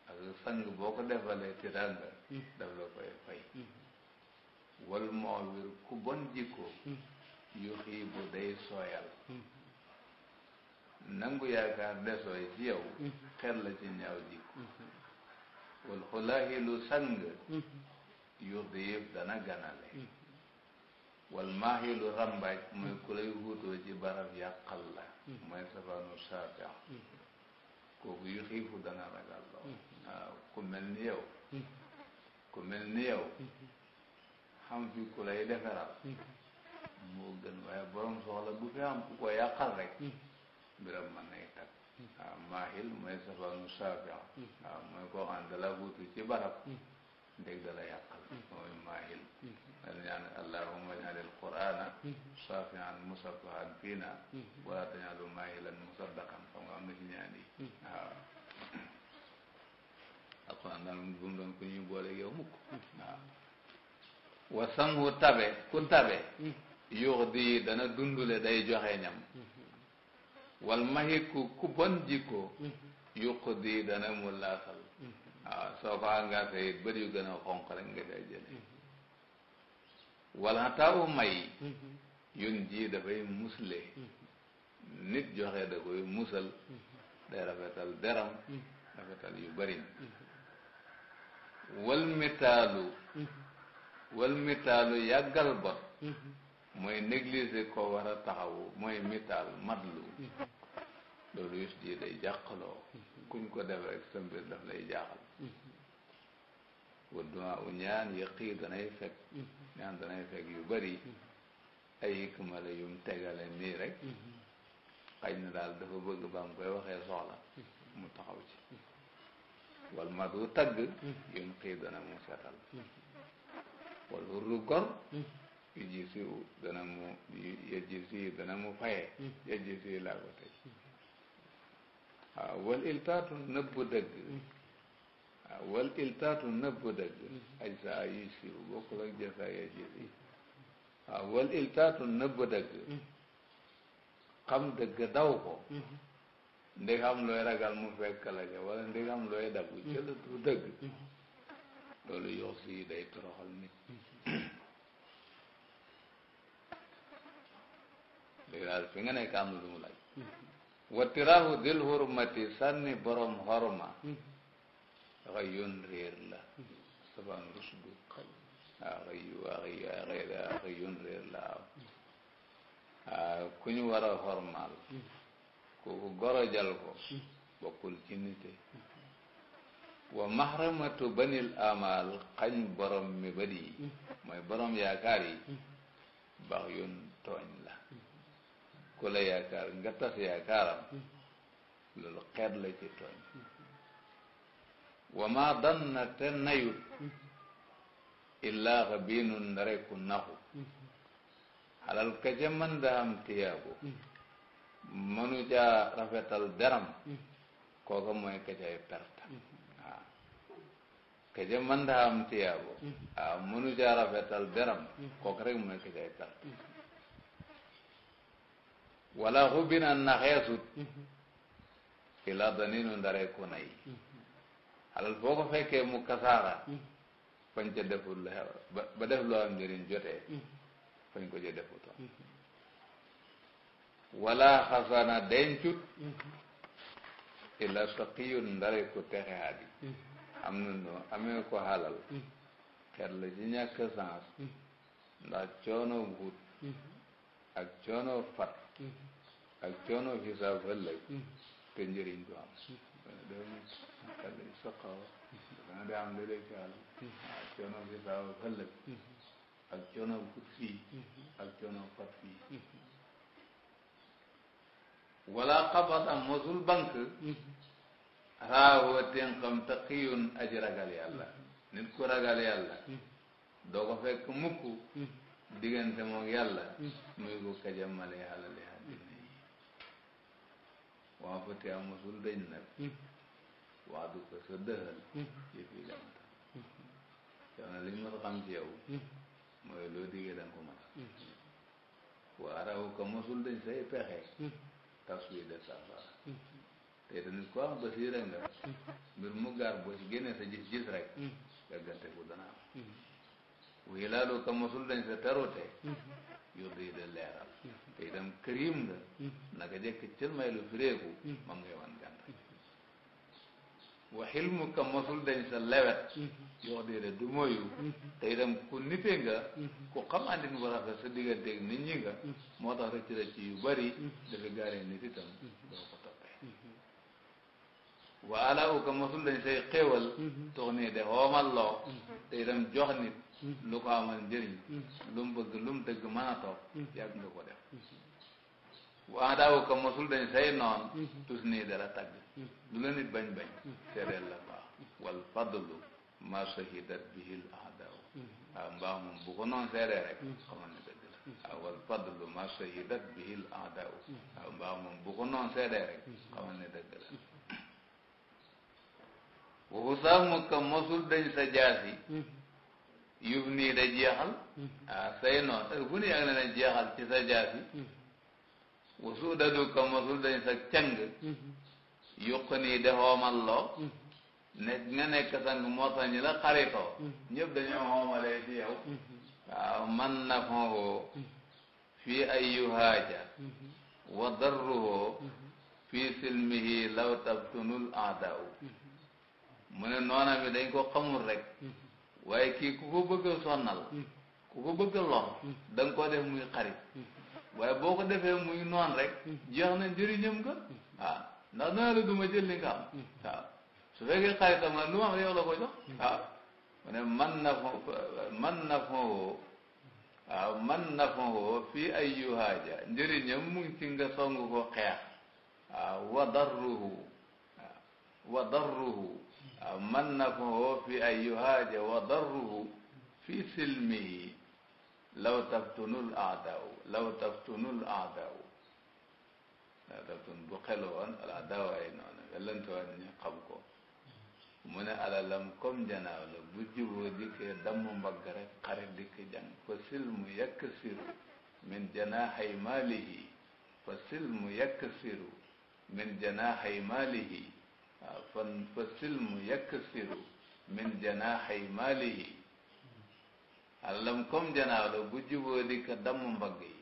ak sang boo ko defalee tiranga daf la koy fay wal moo wir ku bon jikko yu xiibu day sooyal nangu yaakaar desooy ci yow xer la ci ñaaw jikko wal xulaaxilu sang yu xiib dana ganale wal maaxilu rambaaj mooy ku lay wuutoo ci barab yàqal la mooy safaanu saafiya kooku yu xiifu dana ragal loo waaw ku mel ni yow hmm. ku mel ni yow hmm. xam fi ku lay defaral hmm. moo gën waaye borom soxla bu fi am ku ko yàqal rek mbiram mën nay tag waaw maahil mooy safaanu saafia waaw mooy koo xam ne dala wuutu ci barab ndég dala yàqal mooy maahil dal ñaan allahumma ij'alil qur'ana saafian musabbahan fiina wala tajalu maahilan musaddaqan xam nga am na ci ñaan yi waaw alquran daal bu mu doon ku ñuy boole yow mukk waaw wa samhu tabe ku tabe yuux di dana dundule day joxe ñam wal mahiku ku bon jikko yuq di dana mu waaw soo ko engagé it bët yu gën a xonq rek nga day jële wala taw may yun ji dafay musle nit joxe da koy musal day rafetal deram rafetal yu bari wal mitaalu wal mitaalu yàggal ba mooy négliger ko war a taxawu mooy mitaal matlu loolu us ji day jàqaloo kuñ ko def rek sa mbir daf lay jaaxal waddumaa u ñaan yëqii danay fekk ñaan danay fekk yu bari ay hikma yu yum tegale nii rek xëy na daal dafa bëgg ba mu koy waxee soxla mu taxaw ci wal madu tagg yum xii dana mu setal wal hurru gor yu ji siwu dana mu ya ji si dana mu faye ya ji si laa ko tey waaw wal iltaatu nëbbu dëgg waaw wal iltaatu nëbbu dëgg aj saa yu siwu bokkul ak jasa ya ji si waaw wal iltaatu nëbbu daw ko ndegam looy ragal mu fekk la ca wala ndegam looy dabu ca la du dëgg loolu yox si day toroxal nit léegi daal fi nga nekk am lu mu laaj watiraahu dil hurmati sànni borom xorma dafa yoon réer la la waaw ku ñu war kooku gorojal ko bokkul ci nite wa mahramatu banil amal xañ borom mi bët yi hmm. mooy borom yaakaar yi hmm. yun tooñ la ku la yaakaar nga tas yaakaaram hmm. loolu xeet la ci tooñ wa ma danna te nayut illaa xabiinun rekku naxu xalal ka ca mën da tiyaabu mënu jaa rafetal deram hmm. kooka mooy ka cay perte hmm. waaw ka ca mën daa am tiyaabo hmm. waaw mënu jaa rafetal deram kooka rek mooy ka cay perte wala xubina naxeesut ila daninu ndare ku nay alal foo ko fekkee mu kasaara fañ ca deful ba def loo am njëriñ jotee fañ ko ca defutoon wala xasana dencut illa saqiyun ndare ku texe hadi am na noo amee ko halal xet la ci ñàkk sens ndax coono wut ak coono fat ak coono xisaab ëllëg te njëriñ du am xel yi saqawa dana de ak coono xisaab ëllëg ak ak coono fat fii wala xabata mosul bank raawoo tenqam taqiyun aji ragal yàlla nit ku ragal yàlla doo ko fekk mukk diggante moom yàlla muy ko kajamale yàlla li àddina waa fati a mosul dañ nag waa du ko sa dëhal yëfi gamata yow na li ñu mos xam ci loo diggee danga ko waa rawu ka mosul dañ say pexe taswile safara hmm. te tamit ku am basira nga hmm. mbir mu gaar boo ci génnee sa gis-gis rek hmm. gàggante ku dana am wii laa lu ka mosul dañ sa tarote yóbbu yi da leeral te itam kërim nga naka jekk cël may lu fireeku mam ngay wa xilmu ka mosul dañ sa lewet mhm. yoo déedéet du moyu mhm. te itam ku nite nga mhm. ku xam andin bu rafet sa digganteeg nit ñi nga moo tax rëcc rëcc yu bari dafa gaaree nit itam doo ko toppee wa ala u ka mosul dañ say xéewal tox nii de xoomal loo te itam jox nit lu ko amal njëriñ lu mu bëgg lu mu dëgg mën a nga ko def waa daaw ko mosul dañ say noon tus nii dara tagg du la nit bañ bañ seedeel la baax wal fadlu ma shahidat bihil ahdaw waaw mbaax moom bu ko noon seedee rek xamal ne dëgg la waaw wal fadlu ma shahidat bihil ahdaw waaw mbaax moom bu ko noon seedee rek xamal ne dëgg la waxu sax mu ko mosul dañ sa jaasi yub nii da jeexal ah say noon bu ne yàgg na leen jeexal ci sa jaasi wusuuda du ko mosul dañ sa cang yuq de xoomal loo ne nga nekk sang moo tax ñi la xaritoo ñëpp dañoo xoomalee ci yow waaw man na foo fii ay yuhaaja wa darruhoo fii silmihi law tabtunul aadaw mu ne noona mi dañ ko xamul rek waaye kii ku ko bëgg sonnal ku ko bëgg a lor da def muy xarit waaye boo ko defee muy noon rek hmm. jeex na njëriñam nga hmm. waaw ndax dana la duma jël li nga hmm. su fekkee xaritam la lu ma am la ko jox waaw mu ne man na fon man na fon woo ay yuhaaja njëriñam mu ngi ci nga ko xeex waaw wa darruhu waaw wa darruhu waaw man na fon woo fii ay yuhaaja wa darruhu fii silmihi law taftunul aadaw law taftunul aadaw law taftun bu xelu woon al aadaw ay noonu welante woon ñu xam ko mu ne alalam comme janaaw la bu juboo dikkee damm mbagg rek xarit dikk jàng fa silmu yakk siru min janaaxay maalihi fa silmu yakk siru min janaaxay maalihi waaw fan fa silmu yakk siru min janaaxay maalihi àllam comme janaaw la bu juboo di ko damm mbagg yi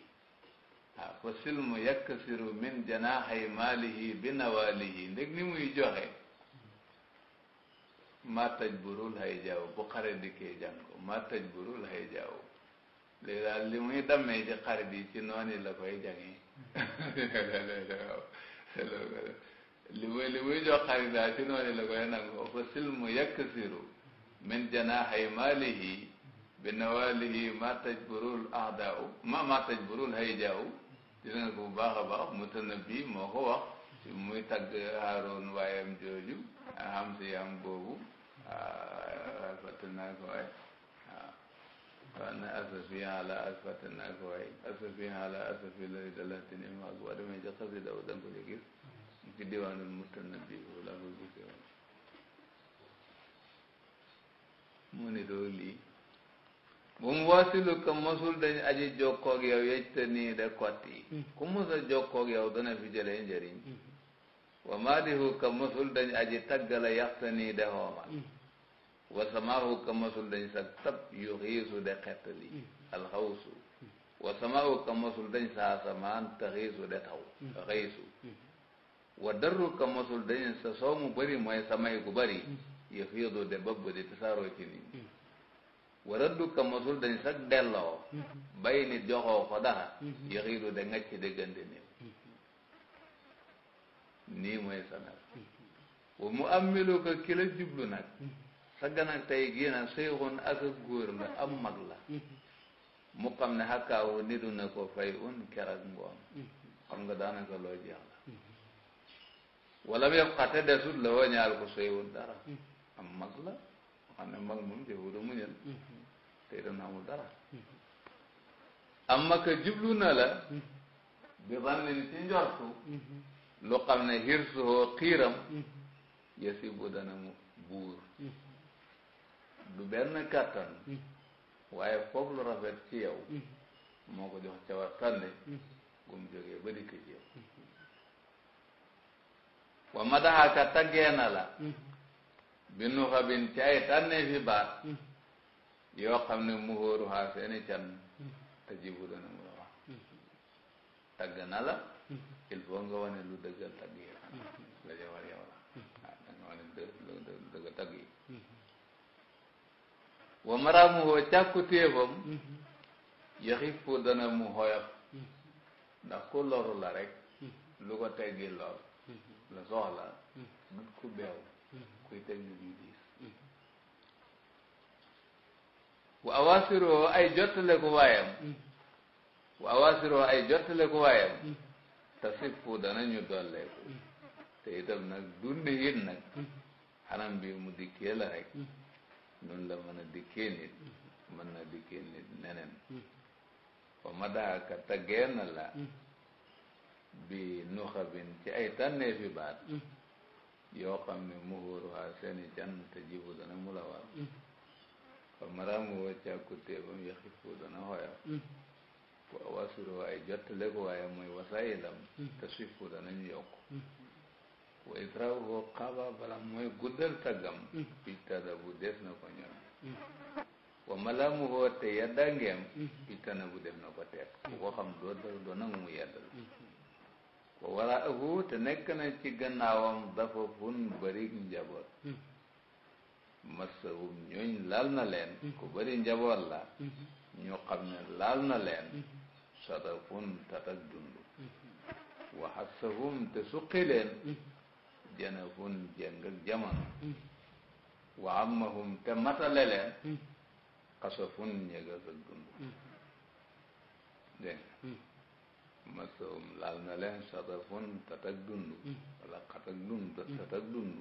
waaw fa silmu yakkasiru min janaaxay maalihi bi nawaalihi ndeg ni muy joxe maa taj burul hay jaaw bu xare dikkee jàng ko maa taj burul hay jaaw léegi daal li muy dammee ci xarit yi ci noonu la koy jàngee li muy li muy jox xarit daal ci noonu la koy nangoo fa silmu yakkasiru min janaaxay maalihi bi nawaalihi ma tajburul ahdaau ma ma tajburul hayjaaw di nga ko bu baax a baax mu tënna bii moo ko wax muy tagg Haaroon waayam jooju am si am boobu alfate ah, naa ko waay ah, waaw ne asafi ala asfate naa ko waay asafi ala asafi lay dalatin ima ak waa demee ca xasida da nga ko ci gis ci diwaanul mutanna bi wala ko gisee woon mu ne doo lii bu mu wasilu ka masul dañ aji jokkoog yow yejta nii de kotti hmm. ku mos a jokkoog yow dana fi jëlee njëriñ hmm. wa maadihu ka masul dañ aji taggala yaxta nii de xoomal hmm. wa samaahu ka masul dañ sa sab yu xiisu de xettali alxawsu wa samaahu ka masul dañ saa samaan te xiisu de taw xiisu wa darru ka masul dañ sa soomu bëri mooy samay gu bëri yu xiisu de bëbb di tasaaroo ci nit wala du ka da dañ sax delloo mm-hmm. bay nit joxoo ko dara mm-hmm. yaxiiru da nga ci diggante nit mm-hmm. nii mooy sanal wa mu am ko ki la jublu nag sa ganak tey gii nag seyxun ak a góor am mag la mu xam ne xakkaawu nitu na ko fay un keroog ngoon xam nga daanaka loo jeex la wala mu yëpp xate desut la woo ñaal ko seyxun dara am mag la xam ne mag moom jëfu du muñal te itam amul dara amma ka jublu na la bi zannin ci njortu lu xam ne hirsuhoo xiiram yasibu dana mu buur du benn kàttan waaye foofu lu rafet ci yow moo jox cawar tànne gum jógee ba dikk ci wa madaxaka taggee na la bi nu xabin ci tànnee fi baat hmm. yoo xam ne mu hóoru xaa seeni can hmm. te dana mu la wax hmm. tagg na la il faut nga wane lu dëggal tagg yi la ja war yow la ah, waaw yi wa dana mu xoyof ndax ku loru la rek lu ko teggi lor la soxla dut ku beew kuy teg nit ñi diis wa awaasiroo ay jottale ko waayam wa awaasiroo ay jottale ko waayam tasifu danañu dolleeku nag dund it nag bi mu dikkee la rek noonu la mën a dikkee nit mën na dikkee nit neneen la bi nuxabin ci ay tànnee fi baat yoo xam ne mu hóoru haa seeni jant te jibu dana mu la war kon mm. maraamu woo càkkutee ba mu yaxi fuu dana hoyal mm. wasiru waaye jottale ko waaye mooy wasaayilam mm. te sifu danañ yokk wa itraw ko xaaba bala mooy guddal taggam ijtada bu des na ko ñoom wa malaamu woo te yaddangeem ijtana bu def na ko teeg ku ko xam doo doo mu yeddal wala ahu te nekk na ci gannaawam dafa fun bëri njaboot hmm. masahum ñooñ laal na leen hmm. ku bëri njaboot la hmm. ñu xam ne laal na leen sota fun tatak dund waxasahum te suqi leen jana fun jëng ak jamono wa te matale leen xasa fun ñëgas ak dund dégg masahum laal na leen sadafun tat ak dund wala hmm. xat ak dund hmm. tat ak dund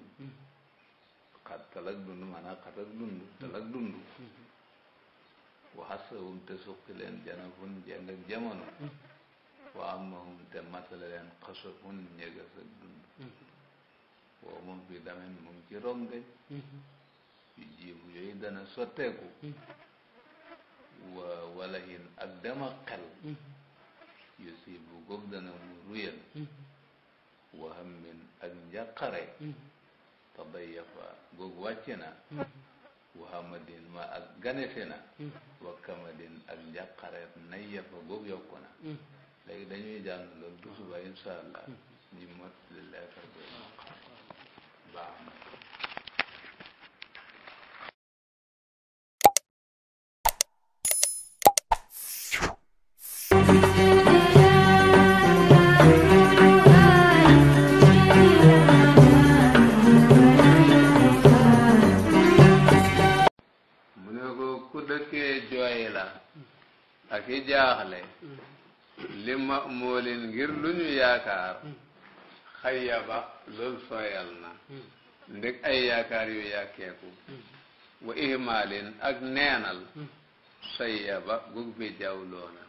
xat hmm. tal ak dund maanaam xat ak dund tal ak dund waxasahum te suqi leen janafun jeng ak jamono wa amahum te matale leen xasafun ñegas ak dund waaw moom um fi damen mu ngi ci rongañ yu jiibu yooyu dana sotteeku wa walahin ak dama xel yusibu góob dana mu ruyal waham hmm. min ak njàqare hmm. tadayafa góob wàcce na hmm. wahamadin ma ak ganese na wakkamadin ak njàqare nayafa góob yokku na léegi dañuy jàng loolu du suba insha allah ñi mot lillahi fa baax na baaxle li ma moo ngir lu ñu yaakaar xayya ba loolu sooyal na ndeg ay yaakaar yu yàkkeeku wa ihmaalin ak neenal sayya ba gug bi jawloona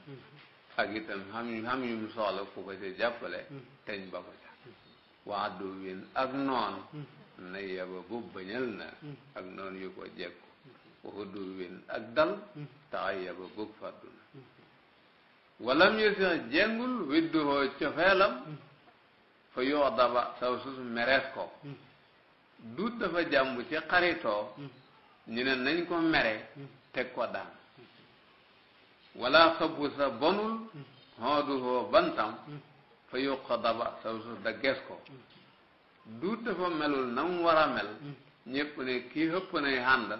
ak itam xam xam yum soxla ku ko ci jàppale teñ ba ko ca waa du win ak noon na yaba bu bañal na ak noon yu ko jekku waxu du win ak dal taxa yaba bug fàddu na walam yu si jengul widduhoo cofeelam fa yoo daba saw sus merees ko duut dafa jàmb ci xaritoo ñu nañ ko mere teg ko daan wala xabu sa bonul xooduhoo bantam fa yoo ko daba saw sus da gees ko duut dafa melul na war a mel ñëpp ne kii xëpp nay xànd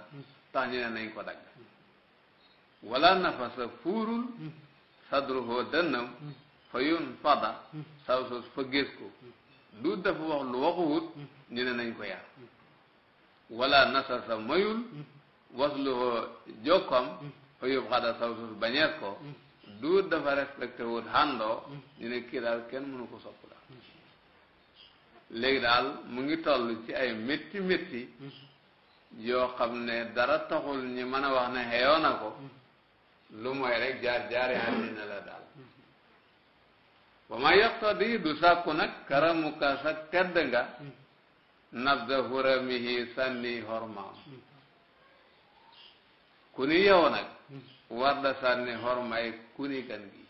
tax ñu nañ ko dagg wala nafasa fuurul sadruhu dënnam hmm. fa fada hmm. saw sos fa gis ko hmm. du dafa wax lu waxuwut ñu ne nañ ko yar wala nasasa mayul wasluhu jokkam fa yób saw sos bañeet ko du dafa respecté wut xàndoo ñu ne kii daal kenn mënu ko sopp daal léegi daal mu ngi toll ci ay métti métti yoo xam ne dara taxul ñi mën a wax ne xeyoo na ko lu mooy rek jaar jaari àddina la daal wa ma yaqtadi du sàkku nag karamuka sa tedd nga nabda huramihi sànni hormaam ku ni war da sànni hormay ku ni kan gi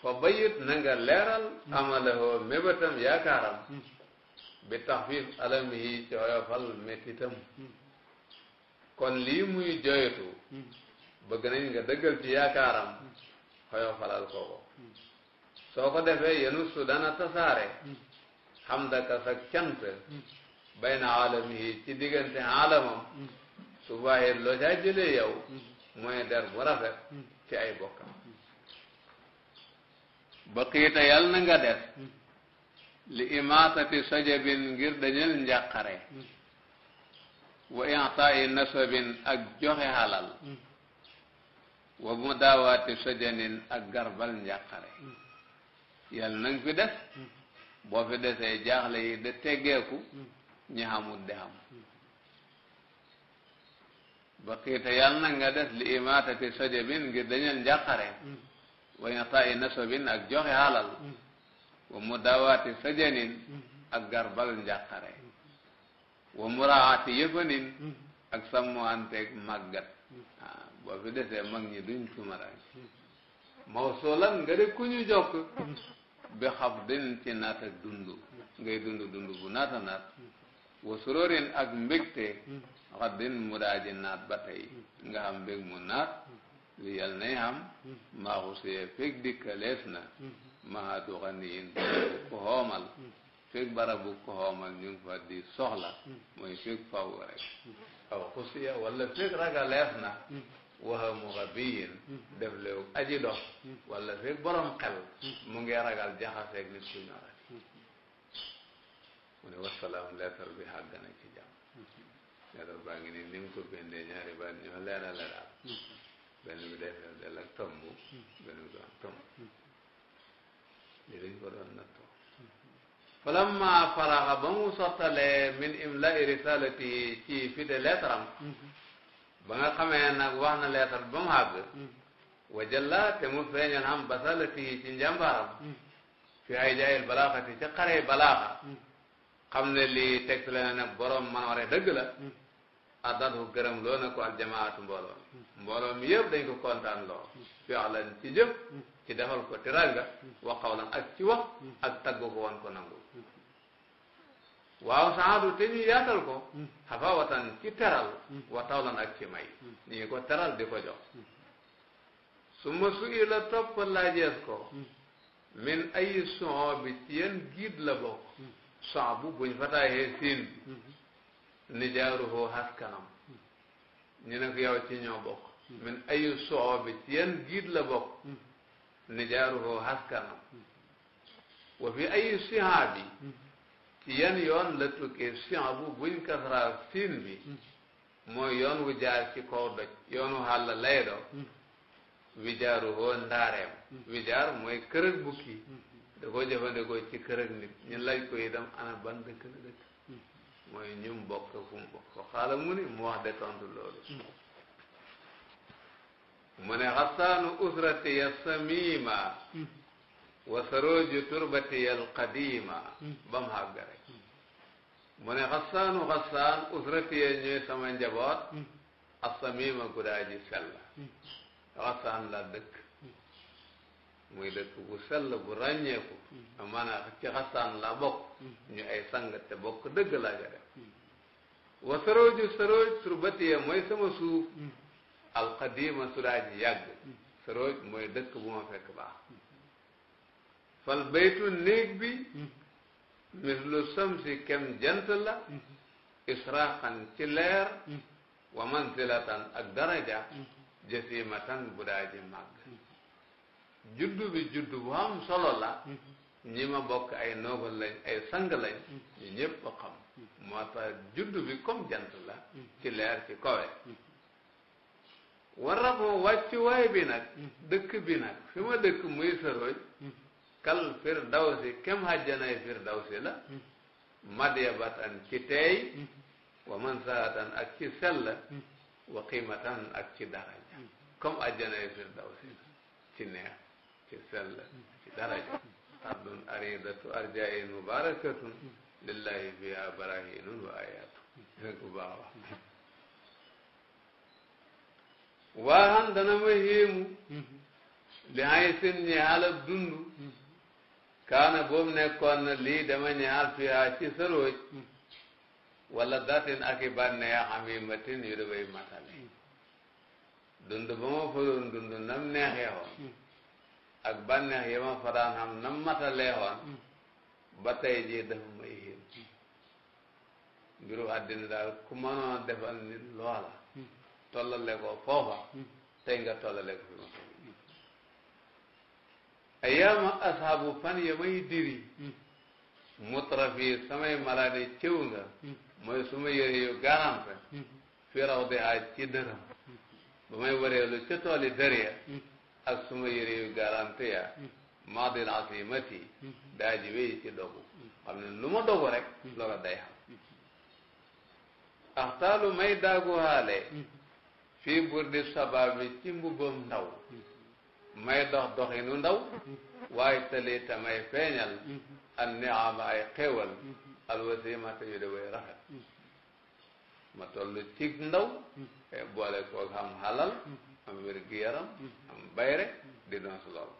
fa bayit na nga leeral amalahoo mébatam yaakaaram bi taxfif alamihi ci oyofal métitam kon lii muy joytu bëgg nañ nga dëggal ci yaakaaram xoyo falal kooko soo ko defee yenu su dana tasaare xam daka sa cant bay na ci diggante aalamam su loo caa jëlee yow mooy der bu rafet ci ay bokkam baqiita yal na nga def li imaatati sajabin ngir dañal njàqare wa i'taa'i nasabin ak joxe halal wa mu daawaati sojanin ak garbal njàqare yàlla nanga fi des boo fi desee jaaxle yi de teggeeku ñi xamut de xam ba xiita yàlla na nga des li imaatati sojabin ngir dañal njàqare wa ñataa i nasobin ak joxe xalal wa mu daawaati sojanin ak garbal njàqare wa muraati yëfanin ak sàmmanteeg màggat boo fi desee mag ñi duñ tumaraan mawsulan nga de ku ñu jokk bi xab din ci naat ak dund ngay dund dund bu naata naat wa suróorin ak mbégte xad din mu daaji naat ba tey nga xam mbég mu naat li yal nay xam maa xusuye fekk dikkaleef na maa duxan yin barabu ko xoomal fekk barabu ko xoomal ñu fa di soxla mooy fekk faw rek aw xusuya walla fekk ragaleef na waxamu xabiyin mm-hmm. def léew aji dox mm-hmm. fekk borom xel mm-hmm. mu ngi ragal jaxaseeg nit ku ñorati mu ne wasalaam leetar bi xàgg na ci jàmm leetar baa ngi ni ni ko bindee ñaari baat ñoo leera leeraal benn bi day fees tomb benn bi du tomb li dañ ko doon nattoo falamma min imla i risalati ci fide leetaram ba nga xamee wax na leetal ba mu àgg hmm. wajalla te mu feeñal xam basalati ci njàmbaaram hmm. fi ay jaayil balaaxati ca xaree balaaxa hmm. xam ne li teg la ne borom man waree dëgg la addatu gërëm loo na ko aljamaatu mbooloo mbooloo mi yëpp dañ ko kontaan loo fi lan ci jëf ci defal ko tiranga wa xawlan ak ci wax ak tagg ko wan ko nangu waaw saadu te ñu yaatal ko xafa hmm. watan ci teral hmm. wa ak ci may ñu hmm. ngi ko teral di ko jox su ma su ila laajees ko min ay son bi ci yan giid la bokk son bu buñ fataaxee siin bi nijaaruhu haskanam ñu ne ko ci ñoo bokk min ayu soo bi ci yan giid la bokk nijaaruhu haskanam wa fi ayu sihaa bi ci yan yoon la tukkee fi'lu bu buñ kasraa siin bi mooy yoon wu ci kaw doj yoonu xàll lay doo wijaaru hoo ndaareem wijaar mooy kërëg bukki da koo jëfandikoo ci kërëg nit ñu laaj ko itam ana ban dëkk la mooy ñum bokk fu mu bokk ko xaala mu ni mu wax de tontu loolu mu ne xasaanu usrati ya wa sarooju turbati ya alqadima ba mu mu ne xasaanu xasaan usratiye ñooy sama njaboot hmm. asamima gudaa ji sell hmm. xasaan la dëkk hmm. muy dëkk bu sell bu ràññeeku amaana ci xasaan la bokk ñu ay te bokk dëgg laa ja wa sarooju sarooj surbatiye mooy sama suuf alqadima sudaa ji yàgg sarooj mooy dëkk bu ma fekk baax fal baytu néeg bi mislu samsi kem jant la mm-hmm. israxan ci leer mm-hmm. wa manzilatan ak daraja mm-hmm. jasimatan bu daa ji màgg juddu bi juddu bu solo la ñi ma bokk ay noobal lañ ay sang lañ ñu ñëpp xam moo tax juddu bi jant la ci leer ci kawe warabo wàccuwaay bi nag dëkk bi nag fi ma dëkk muy sëroj kal firdawsi kem hajjanay firdawsi la hmm. madyabatan ci teey hmm. wa mansaatan ak ci sell hmm. wa qimatan ak ci daraja comme ajjanay firdawsi la ci neex ci sell ci daraja ardun aridatu arja'in mubarakatun lillahi fiha barahinun wa ayatu ku baax waaxan dana ma héemu li ay seen ñi halab dundu kaana boobu nekkoon na lii dama ñaal fiyaa ci sarooj wala datin ak i bànneex xamimatin yu dafay matale dund ba ma fa doon nam neexee woon ak bànneex yi ma fa daan xam nam matalee woon ba tey jii dafa may yéem mbiru àddina daal ku mënoon defal nit loola tollale ko foofa tey nga tollale ko fi ma ayaama ashaabu fan ya may diri mutrafi samay malade cëw nga mooy su ma yére yu garante fi raw di aaj ci dërëm ba may wareelu ca tooli dëriya ak su ma yu garante ya maadil asimati daa ji wéy ci dogu xam ne lu ma dogu rek loola day xam axtaalu may daagu haale fii burdi sababi ci mbubam ndaw may dox doxinu ndaw waaye tali te may feeñal an niama ay xéewal alwasimata yu de way rafet ma toll cig ndaw eh, boole koog am xalal am wér gi yaram am bayre di doon su lool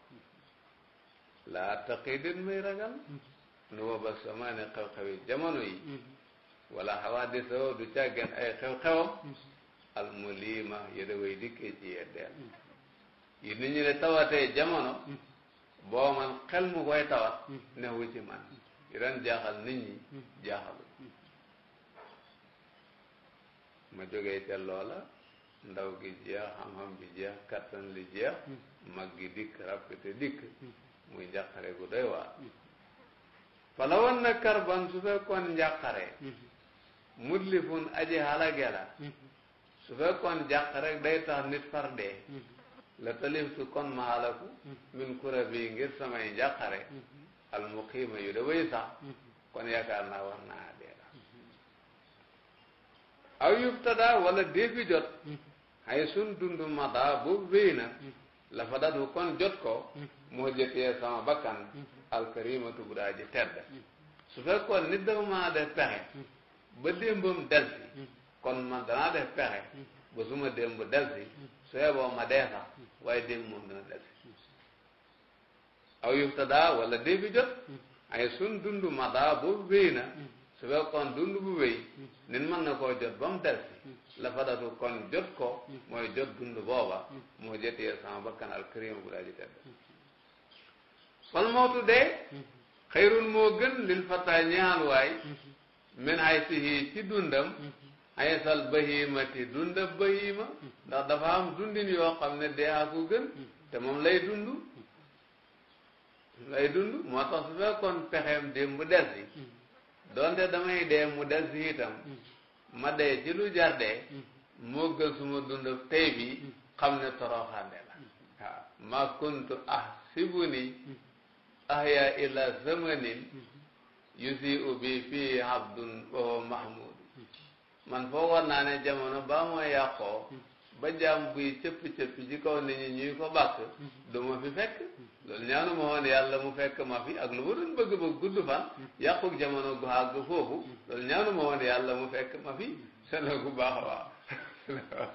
laa taqidin muy ragal nu waba samaane xew-xewi yi wala xawaadisoo du càggeen ay xew-xewam almulima yu de way dikkee ci yeddeel yi nit ñi ne tawatee jamono hmm. boo man xel mu koy tawat hmm. newu ci man hmm. yi daan jaaxal nit ñi ma jógee ca loola ndaw gi jeex xam-xam bi jeex kattan li jeex mag gi dikk rappite dikk muy njàqare gu doy waar fala woon na karban su fekkoon njàqare mutlifun aji halage la su fekkoon jàq day tax nit far dee la talibtu kon ma halaku min kurabi ngir samay njàqare al muqiima yu da way sax kon yaakaar naa war naa dee la aw yubtada wala déefi jot hay sun dund mada boobu wéy la fa dadu kon jot ko moo jëtee sama bakkan alkarimatu bu daa ji tedd su fekkoon nit dafa maa def pexe ba démbam delsi kon man danaa def pexe ba suma démb delsi su yeboo ma dee sax waaye dégg moom dana des aw yuftadaa wala dee bi jot ay sun dund madaa boobu wéy na su fekkoon dund bu wéy nit mën na koo jot ba mu des la fadatu kon jot ko mooy jot dund booba moo jëtee sama bakkan al kërim bu daa ji tedd fal mootu dee xayrun moo gën lil fata ñaan waay min ay sihi ci dundam xaysal bahimati dunda bahima ndax dafa am dundin yoo xam ne dee a ko gën te moom lay dund lay dund moo tax su fekkoon pexeem démb des yi doonte damay dee mu des yi itam ma dee ci lu jar moo gën suma dund tey bi xam ne toroxaande la waaw ma kuntu ahsibuni ahya ila zamanin yusiu bi fii abdun mahmud man foogoon naa ne jamono baa mooy yàqoo ba jaam buy cëpp-cëpp ci kaw nit ñi ñuy ko bàkk du ma fi fekk loolu ñaanu ma yàlla mu fekk ma fi ak lu ma doon bëgg ba gudd fan yàquk jamono gu àgg foofu loolu ñaanu ma yàlla mu fekk ma fi sena gu baax waaw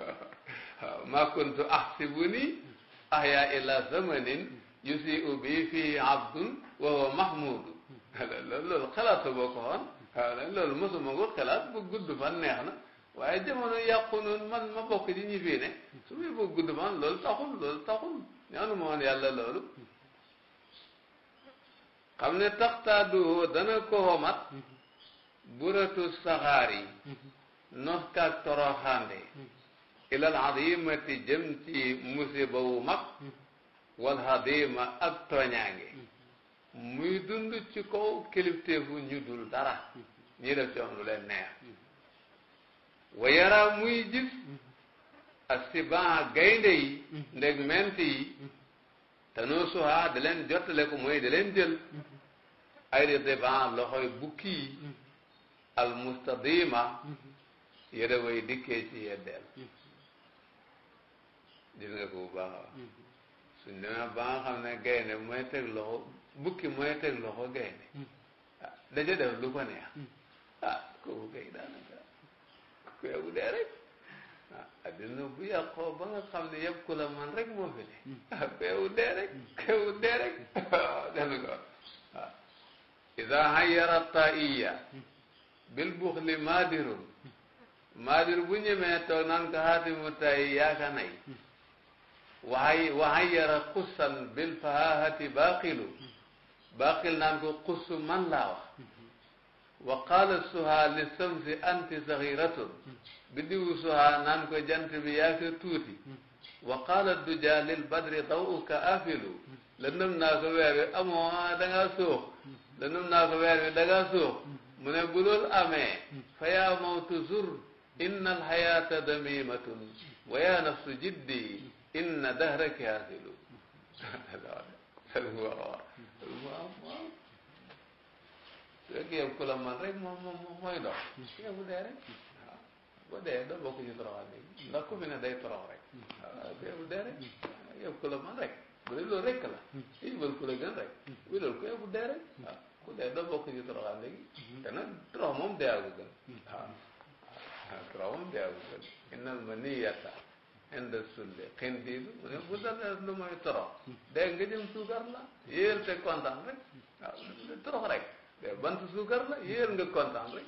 ma kuntu ahsibu ni ahya ila zamanin yusiu bi fii abdun wa huwa mahmudu loolu loolu xalaatu boo ko woon waaw nag loolu mosuma ko xalaat ba gudd fan neex na waaye jamono yàqu noonu man ma bokk ci ñi fii ne su muy fan loolu taxul loolu taxul ñaanu ma woon yàlla loolu xam ne taxtaaduhoo dana ko xomat buratu saxaar yi nos kaag toroxaande ilal adimati jëm ci musiba wu mag wal hadima ak tooñaange muy dund ci kaw kilifteefu ñu dul dara mm-hmm. ñii def coom lu leen neex wa yara muy gis asiban gaynde yi mm-hmm. ndeg ment yi mm-hmm. tanoo suhaa da leen jottale ko mooy da jël ay di diban loxoy bukki al almustadima yëre way dikkee ci yeddeel gis nga ko bu baax suñ demee ba nga ne gaynde mooy teg loxo bukki mooy teg loxo gaynde hmm. ah, daja def lu hmm. ah, ah, ko neex ah kooku kay daanaka ku yabu dee rek ah adduna bu yàqoo ba nga xam ne yëpp ku man rek moo fi ne hmm. ku yabu dee rek ku yabu dee rek daanaka waaw ida hayara taiya bil buxli maadirun maadir bu ñemee toog naan ko xaatimu nay waxay waxayara xussan bil fahahati baaqilu baqil naan ko xusu man laa wax wa qaala suha li samsi anti saxiratun biddiwu suha naan ko jant bi yaa ko tuuti wa qaala duja lil badri daw uka afilu lëndëm naa ko weer wi amoo ah, da ngaa suux lëndëm naa ko weer wi da ngaa suux mu ne bu loolu amee fa yaa mawtu zur inna alxayaata damimatun wa yaa nafsu jiddi inna dahraki afilu waaw waaw su fekkee yow ku la man rek moom moom mooy dox yow bu dee rek waaw bu dee doo bokk ñu toroxal léegi ndax ku fi ne day torox rek waaw yow bu dee rek yow ku la man rek bu dee loolu rek la il bëgg ku la gën rek bu loolu ko yow bu dee rek waaw ku dee doo bokk ñu toroxal léegi te nag torox moom dee ak gën waaw waaw torox moom dee ak gën innal ma nii yàtta inde sulli xindiibi mu ne bu dara lu mooy torox dégg nga jëm suukar la yéel te kontaan rek waaw torox rek de bantu suukar la yéel nga kontaan rek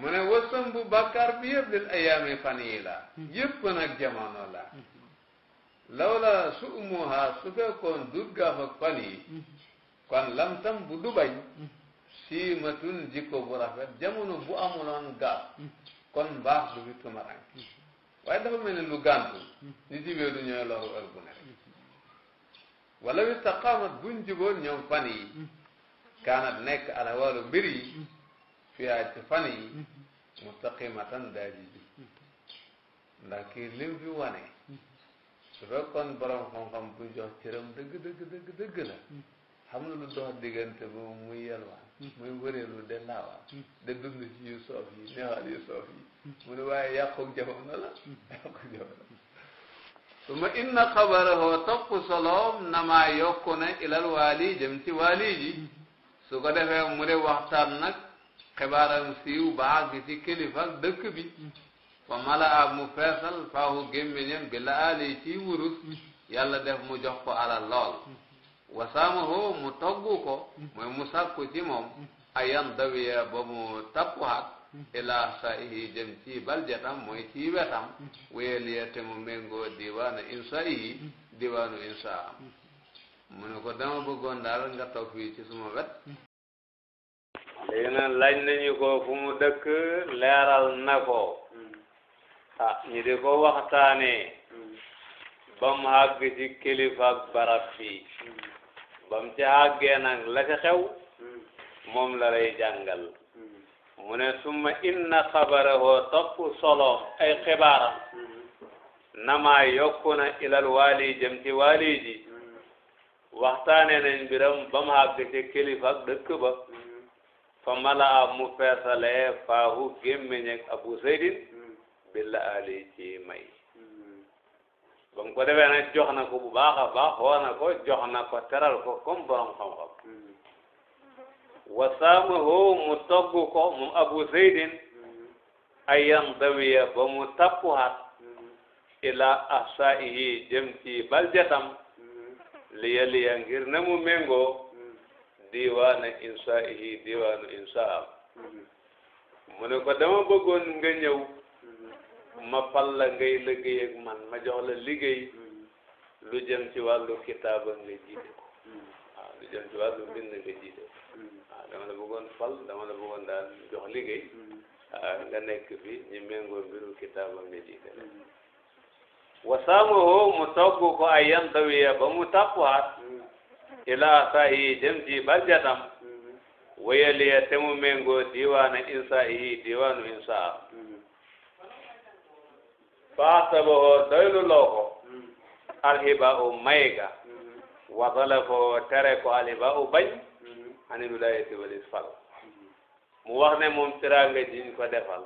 mu ne wasam bu bàkkaar bi yëpp lil ayaami fan yi la yëpp nag jamono la lawla su umuha su fekkoon dut gaaf ak kon lam tam bu du siimatun jikko bu rafet jamono bu amuloon gaaf kon mbaax du fi tumaraan waaye dafa mel ni jibee du ñooy loru ër bu ne rek wala wi taqaamat buñ ñoom fan kaanat nekk ala wàllu mbir yi fiyaa ci fan yi mustaqimatan daa ji fi wane su fekkoon borom xam-xam bu jox cëram dëgg dëgg dëgg dëgg la xam nga lu dox diggante boobu muy yelwaan hmm. muy wëreelu de laawaan hmm. de dund ci yu soof yi neexal yu soof yi hmm. mu ne waaye yàquk jamono la yàquk jamono suma inna xabarahoo topp soloom namaa yokku na ilal waali jëm ci waali ji su ko defee mu ne waxtaan nag xibaaram siiw baax gi ci kilifa ak dëkk bi fa malaa mu feesal faahu gémmiñam bi la aali ciy wurus yàlla def mu jox ko lool wasaamahu mu toggu ko mooy mm-hmm. mu sàkku ci moom ayan dawiya ba mu tappu xaq mm-hmm. ilaa saihi jëm ci baljatam mooy ci wetam mm-hmm. wéyaliya te mu méngoo diwaanu insa ihi diwaanu insa am mu ko dama bëggoon daal nga toog fii ci suma wet léegi nag laaj nañu ko fu mu dëkk leeral na ko ah ñi di ko waxtaanee ba mu ci kilifa ak barab bi ba ci ca àggee nag la ca xew moom la lay jàngal mm-hmm. mu ne summa inna xabarahu topp soloom ay xibaaram mm-hmm. nama yokku na ilal waali jëm ci mm-hmm. waxtaane nañ mbiram ba mu àgg ca kilifa dëkk ba fa mala mu feesale faahu gémmiñ ak abu seydin billa ali ci may ba mu ko defee jox na ko bu baax a baax woo ko jox na ko teral ko comme borom xam-xam wasaamahu mu togg ko mu abu zeydin ayan dawiya ba mu tappuhat ila ahsaihi jëm ci baljatam liya liya ngir na mu méngoo diiwaana insaihi diiwaanu insaam mu ne ko dama bëggoon nga ñëw ma fal la ngay liggéey ma jox la liggéey mm. lu jëm ci wàllu kitaaba nga jiite ko mm. waaw lu jëm ci wàllu mbind nga jiite ko mm. waaw dama la bëggoon fal dama la bëggoon daal jox liggéey nga nekk fi ñu méngoo mbiru kitaaba nga jiite la wasaamuhu mu togg ko ay yan dawiya ba mu tappaat ila saa yi jëm ci barjatam wayaliya te mu méngoo diwaana insa yi diwaanu insa faasabahoo doyluloo ko hmm. alhiba u mayga hmm. wasalafoo tere ko alhiba u bañ hmm. ani wilaayati walis fal mu wax ne moom teraanga jiñ ko defal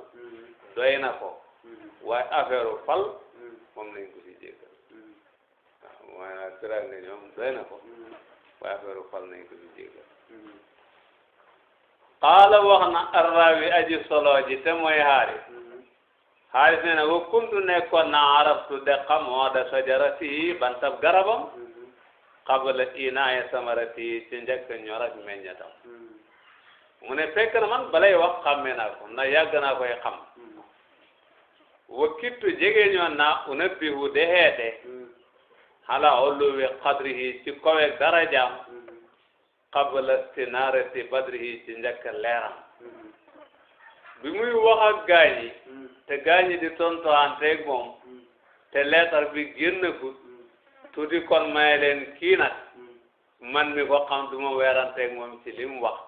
doy na ko waaye affaire u fal moom lañ ko ci jéggal waaw mooy nag teraanga ñoom doy na ko waaye affaire u fal nañ ko ci jéggal qaala wax na arraawi aji solo ji te mooy haari xaalis nee na wa kuntu nekkoon na arabtu de xamoo de sajarati bantab garabam qabla inaaye samarati ci njëkk ñor ak meññetam mu ne fekk na man balay wax xamme naa ko na yàgg naa koy xam wa kittu jege ñoon naa unabbihu de heete hala ulluwi qadrihi ci kowe darajaam qabla sinaarati badrihi ci njëkk leeram bi muy wax ak gaañ yi hmm. te gaañ yi di tontonteeg moom hmm. te leetar bi génnagut hmm. tuuti kon may leen kii nag man mi ko xam du ma weeranteeg moom ci li wax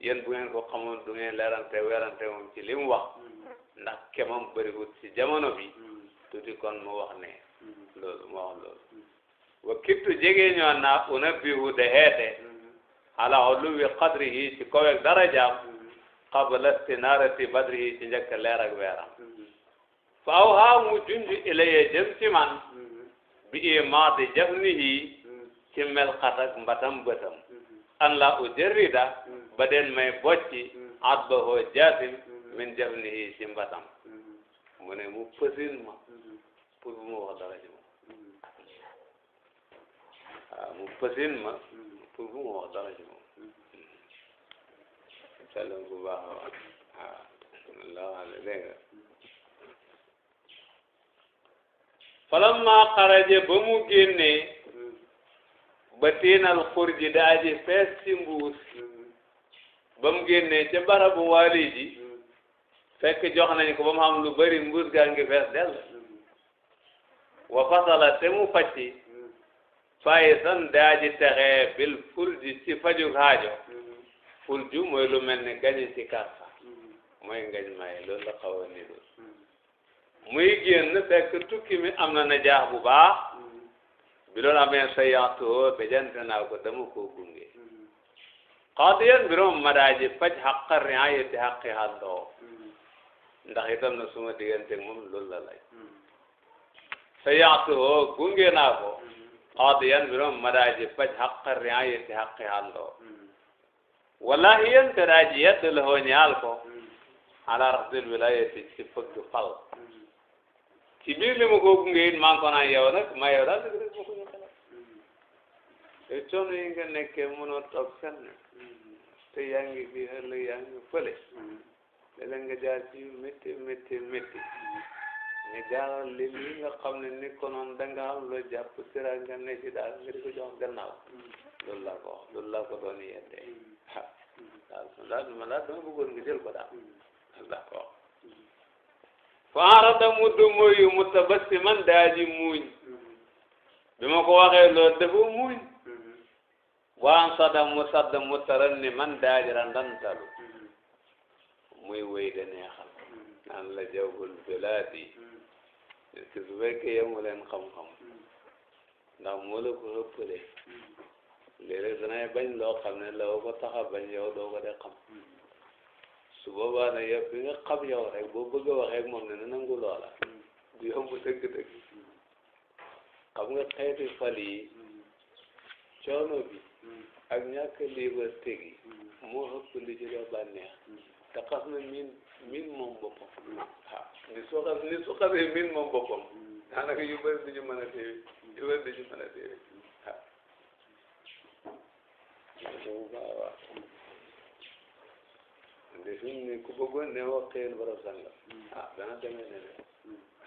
yéen bu ngeen ko xamoon du leerante weerante moom ci li mu wax ndax kemam bëriwut ci jamono bi tuuti kon mu wax ne loolu mu wax loolu wa kittu jege ñoo naa una bihu de heete ala olu wi qadri yi ci kowek qabla istinaarati badri ci njëkk leer ak weeram fa mu junj ilayya jëm ci man bi imaadi jafnihi ci mel xatak mbatam bëtam an la ujarrida ba den may bocci adbahu jaasim min jafnihi ci mbatam mu ne mu pësin ma pour bu mu wax dara mu pësin ma pour bu mu wax dara sallam bu baax a baax waaw la wax la dégg xaraje ba mu génnee ba tiinal xur ji fees ci mbuus ba mu génnee ca barabu waali ji fekk jox nañ ko ba mu xam lu bari mbuus gaa ngi fees dell wa fasala te mu facci fayisan daa ji bil fur ji ci fajug haajo furju mooy lu mel ni gañe ci karta mooy ngañ may loolu la xaw a niru muy génn fekk tukki mi am na na jaax bu baax bi loolu amee sa yaxtuwoo bejante naa ko dama koo gunge xaadiyan mbiroom madaaji faj xaqa riayati xaqi xàddoo ndax itam na suma diggante moom loolu la lay sa yaxtuwoo gunge naa ko xaadiyan mbiroom madaaji faj xaqa riayati xaqi xàddoo wallahi yéen taraajiyat la hoo ñaal ko ala rasul wilayati ci fëgg fal ci li ma ko gunge it maa ngi ko naan yow nag ma yow daal dëgg dëgg ma ko ñu xelal te coono yi nga nekkee mënoo toog fenn te yaa ngi fii ëllëg yaa ngi fële léeg-léeg nga jaar ci métti métti métti ñu jaaral li li nga xam ne ni konoon danga am loo jàpp sira nga ci daal nga ko jox gannaaw loolu laa ko loolu laa ko doon yedde daal ma daal dama bëggoon nga jël ko daal loolu laa ko fa arada mu du mooyu mu tabassiman daaji muuñ bi ma ko waxee loolu dafa muuñ waan sada mu sadda mu taran ni man daaji randantalu muy wéy de neexal naan la jawhul bilaadi si su fekkee yemu leen xam-xam ndax moo la ko ëppale léeg-léeg bañ loo xam ne la ko tax a bañ doo ko de xam su boobaa nag yow bi nga xam yow rek boo bëgg a waxee ak moom ne na nangu loola du yomb dëgg-dëgg nga xeeti fal yi coono bi ak ñàkk liberté gi moo ëpp li ci doo bànneex te xam na min moom boppam ni su xas ni min moom boppam daanaka yu bëri du ñu mën a téye yu bëri du ñu mën a téye waaw nde fi mu ne ku bëggoon ne wax xëy na borom sàngam ah ne de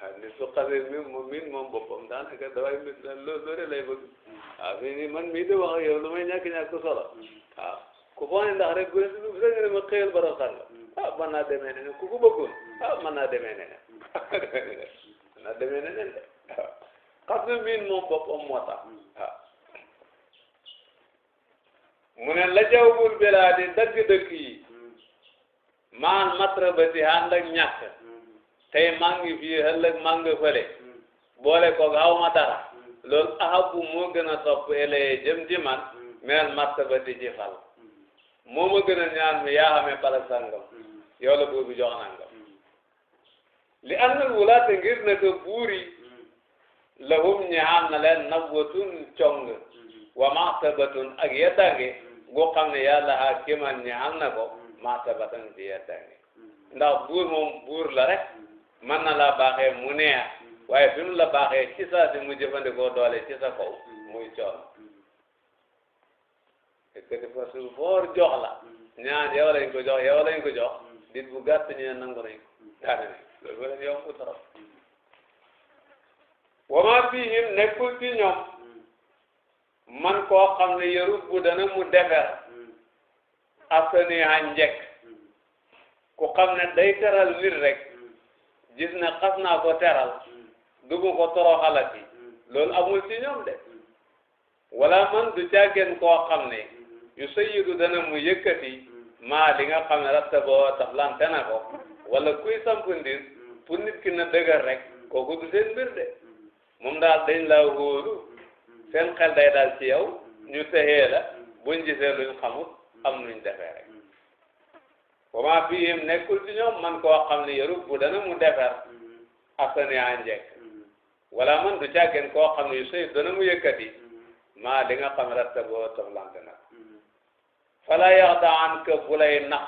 ah ni su xasee min moom min moom boppam daanaka daway lay bëgg ah man mii di wax ak yow lu may ñàkk ñàkk solo ah ku ne ma xëy na borom sàngam ah mën naa demee neneen ku ko bëggoon ah mën naa demee neneen mën naa demee na ah. miin moom boppam moo tax ah mu ne la jawwul bilaa di dëkk dëkk yi maal ngi fii ëllëg maa ngi fële boole koog aw ma dara loolu ahabu moo gën a topp elee jëm ci man mel matrabati moo ma gën a ñaan mi yaa xamee pala sangam mm. yow la buur bi jox nangam mm. li am na wulaate ngir naka buur yi mm. lahum ñaal na leen nabwatun cong wa maxtabatun ak yettange gu xam ne yàlla hakiman ñaal na ko maxtabatan ci yettange ndax buur moom buur la rek mën na la baaxee mu neex waaye fi mu la baaxee ci saa si mu jëfandikoo doole ci sa kaw ekkati fas yu foor jox la ko jox yow lañ ko jox dit bu gàtt ñu ko daane nañ loolu ba leen yomb trop wama fihim nekkul ci ñoom man koo xam ne yarut bu dana mu defer asaniha ku xam ne day teral nit rek gis ne xas naa ko teral dugu ko toroxalati loolu amul ci ñoom de wala man du càggeen koo xam ne yu sayyidu dana mu yëkkati maa li nga xam ne ratta boo taflante na ko wala kuy samp pour nit ki na dëgër rek kooku du seen mbir de moom daal dañ laa wóolu seen xel day daal ci yow ñu texee la buñ gisee luñ xamut am nuñ defee rek comment fii yéen nekkul ci ñoom man koo xam ne yarub bu dana mu defar asani a njekk wala man du càggeen koo xam ne yu sayyidu dana mu yëkkati maa li nga xam ne ratta boo taflante na ko fala yaxda an ka bu lay nax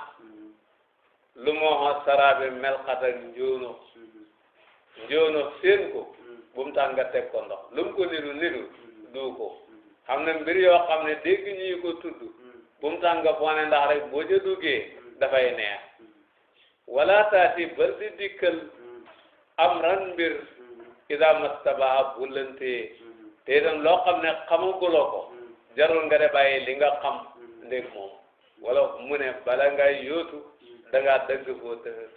lu moo xoo saraabi melxat ak njóono seen ko bu mu nga teg ko ndox lu ko niru niru duu ko xam ne mbir yoo xam ne dégg ñii ko tudd bu mu nga foone ndax rek boo ca duggee dafay neex wala taati bal di dikkal am mbir ida mastabaha bullantee te itam loo xam ne xamaguloo ko jarul nga de bàyyi li nga xam ndég moom wala mu ne bala nga yóotu da ngaa dëgg foo dëhër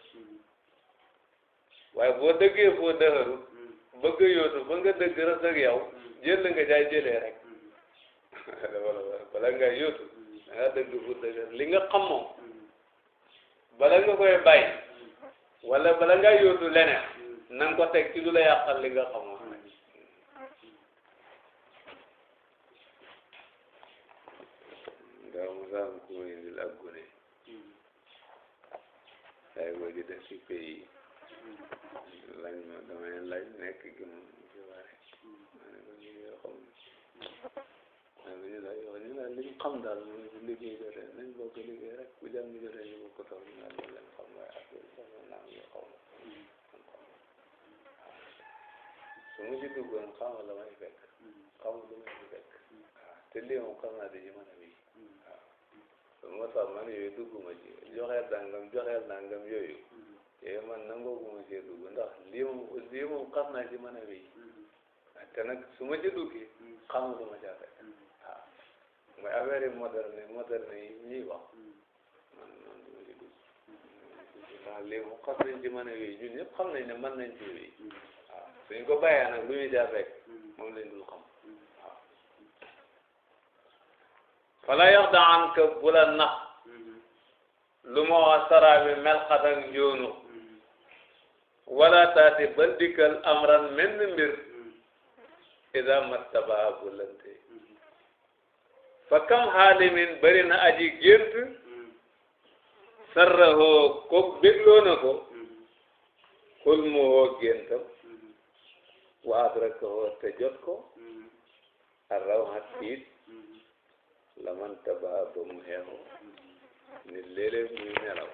waaye boo dëggee foo dëhëru bëgg yóotu ba nga dëgg rek ak yow jël nga jaay jëlee rek bala nga yóotu da ngaa dëgg foo dëhër li nga xam moom bala nga koy wala bala nga yóotu leneen na nga ko teg ci sax mooy indil ak gune day ma di def ci pays lañ ma damay laaj nekk gi moom ci ware ma ne ko ñu yoo xam ne ma ne ko ñu la liñ xam daal mu ne bu liggéey jotee nañ bokk liggéey rek bu jàng jotee ñu bokk toog ñu naan loolu lañ xam waaye affaire sax ma naa yoo xam su ma ci duggoon xamal la may fekk xamal lu may fekk te lii moom xam naa dañu mën a wéy su moo tax man yooyu dugguma ci joxeel nangam joxeel nangam yooyu yooyu mm-hmm. man nangooguma ci dugg ndax lii moom lii moom xam naa ci mën a wéy mm-hmm. te nag su ma ci duggee mm-hmm. xamul ma ca fekk waaw mooy affaire yi moderne moderne yi ñuy wax man man du ma ci dugg ndax lii moom xam nañ ci mën a wéy ñun ñëpp xam nañ ne mën nañ ci wéy waaw suñ ko bàyyee nag lu ñu ca fekk moom lañ dul xam fala yox daan ka bula nax lu ma wax saraabi mel xatak njoonu wala taati ba dikkal amran menn mbir ida mattabaa bulante fa kam xaalimin bari na aji gént sarrahoo ko bégloo na ko xulmuhoo géntam wa adrakahoo te jot ko arraw ha tiit laman taba ba mu xeexoo nit léeg muy nelaw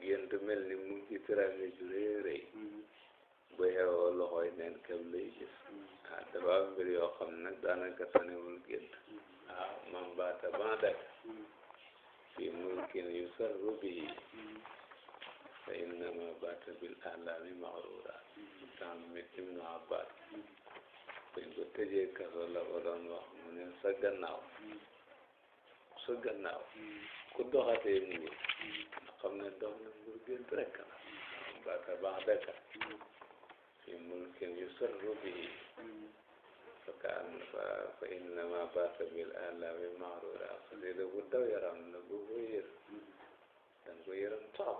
gént mel ni mu ngi ci tiraange ju rëy rëy bu xeexoo loxoy neen kem lay gis ah dafa mbir yoo xam nag daanaka tanewul gént ah man baata ban fi mulkin yusarru bihi fa innama baata bil aalaami maxruura tam mit ibnu abbas buñ ko tëjee kaso la ko doon wax mu ne sa gannaaw sa gannaaw ku doxatee mu ñëw nga xam ne dox na mbir gént rek la baka baax dëkka fi mulkin yusarru bihi faka an fa fa innama baata bil alami maarura xalila bu daw yaram na bu ko yër dan ko yëram trop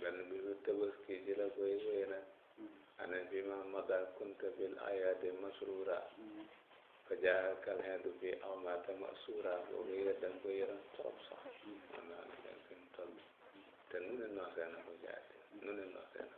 benn bi su tabaski ji la koy wéy nag ana fi ma mada kunta fil ayati masrura fa jaa kal hendu fi aw mata masura boobu yëpp da nga koy yëram trop sax. te nu ne noosee na ko jaay nu ne noosee na